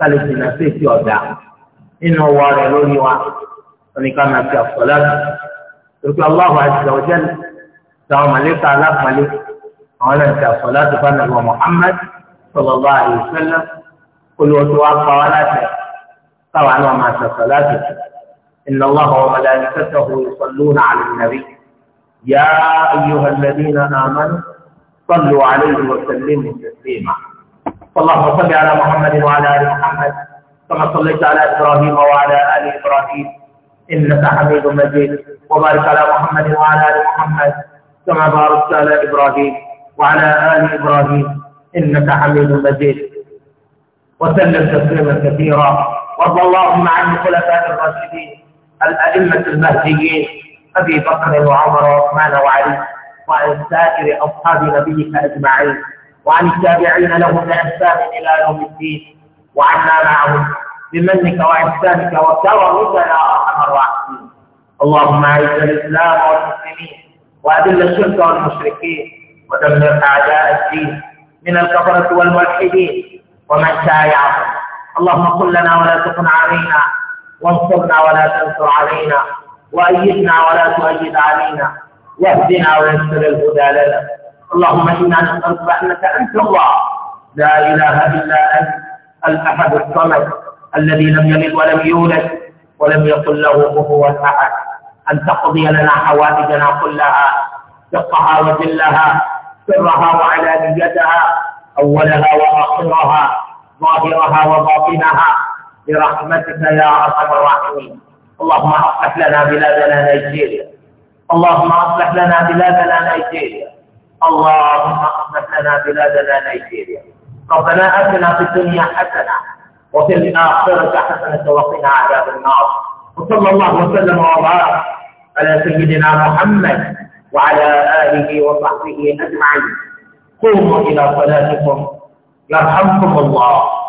kálí nà sí ti ọ̀dà nínú wọ rẹ̀ lórí wa oníkà máa fi àfọlá tòkí Allahu azza wa jalla sàwọn màlẹ́kà alápàlẹ́ àwọn náà ti àfọlá tó bá nàbọ̀ Muhammad sallallahu alaihi wasallam olùwọ́tò wa pa wá láti káwa náà máa sọ̀tọ̀ láti inna Allaha wa malaikatahu yusalluna ala nabi ya ayyuhal ladina amanu sallu alayhi wa sallimu taslima. اللهم صل على محمد وعلى آل محمد كما صليت على إبراهيم وعلى آل إبراهيم إنك حميد مجيد وبارك على محمد وعلى آل محمد كما باركت على إبراهيم وعلى آل إبراهيم إنك حميد مجيد وسلم تسليما كثيرا وارض اللهم عن الخلفاء الراشدين الأئمة المهديين أبي بكر وعمر وعثمان وعلي وعن سائر أصحاب نبيك أجمعين وعن التابعين لهم بإحسان إلى يوم الدين وعنا معهم بمنك وإحسانك وكرمك يا أرحم الراحمين اللهم أعز الإسلام والمسلمين وأذل الشرك والمشركين ودمر أعداء الدين من الكفرة والملحدين ومن شايعهم اللهم قل لنا ولا تكن علينا وانصرنا ولا تنصر علينا وأيدنا ولا تؤيد علينا واهدنا ويسر الهدى لنا اللهم إنا نسألك أنك أنت الله لا إله إلا أنت الأحد الصمد الذي لم يلد ولم يولد ولم يكن له كفوا أحد أن تقضي لنا حوائجنا كلها دقها وجلها سرها وعلانيتها أولها وآخرها ظاهرها وباطنها برحمتك يا أرحم الراحمين اللهم أصلح لنا بلادنا نيجيريا اللهم أصلح لنا بلادنا نيجيريا اللهم اصلح لنا بلادنا نيجيريا ربنا اتنا في الدنيا حسنه وفي الاخره حسنه وقنا عذاب النار وصلى الله وسلم وبارك على سيدنا محمد وعلى اله وصحبه اجمعين قوموا الى صلاتكم يرحمكم الله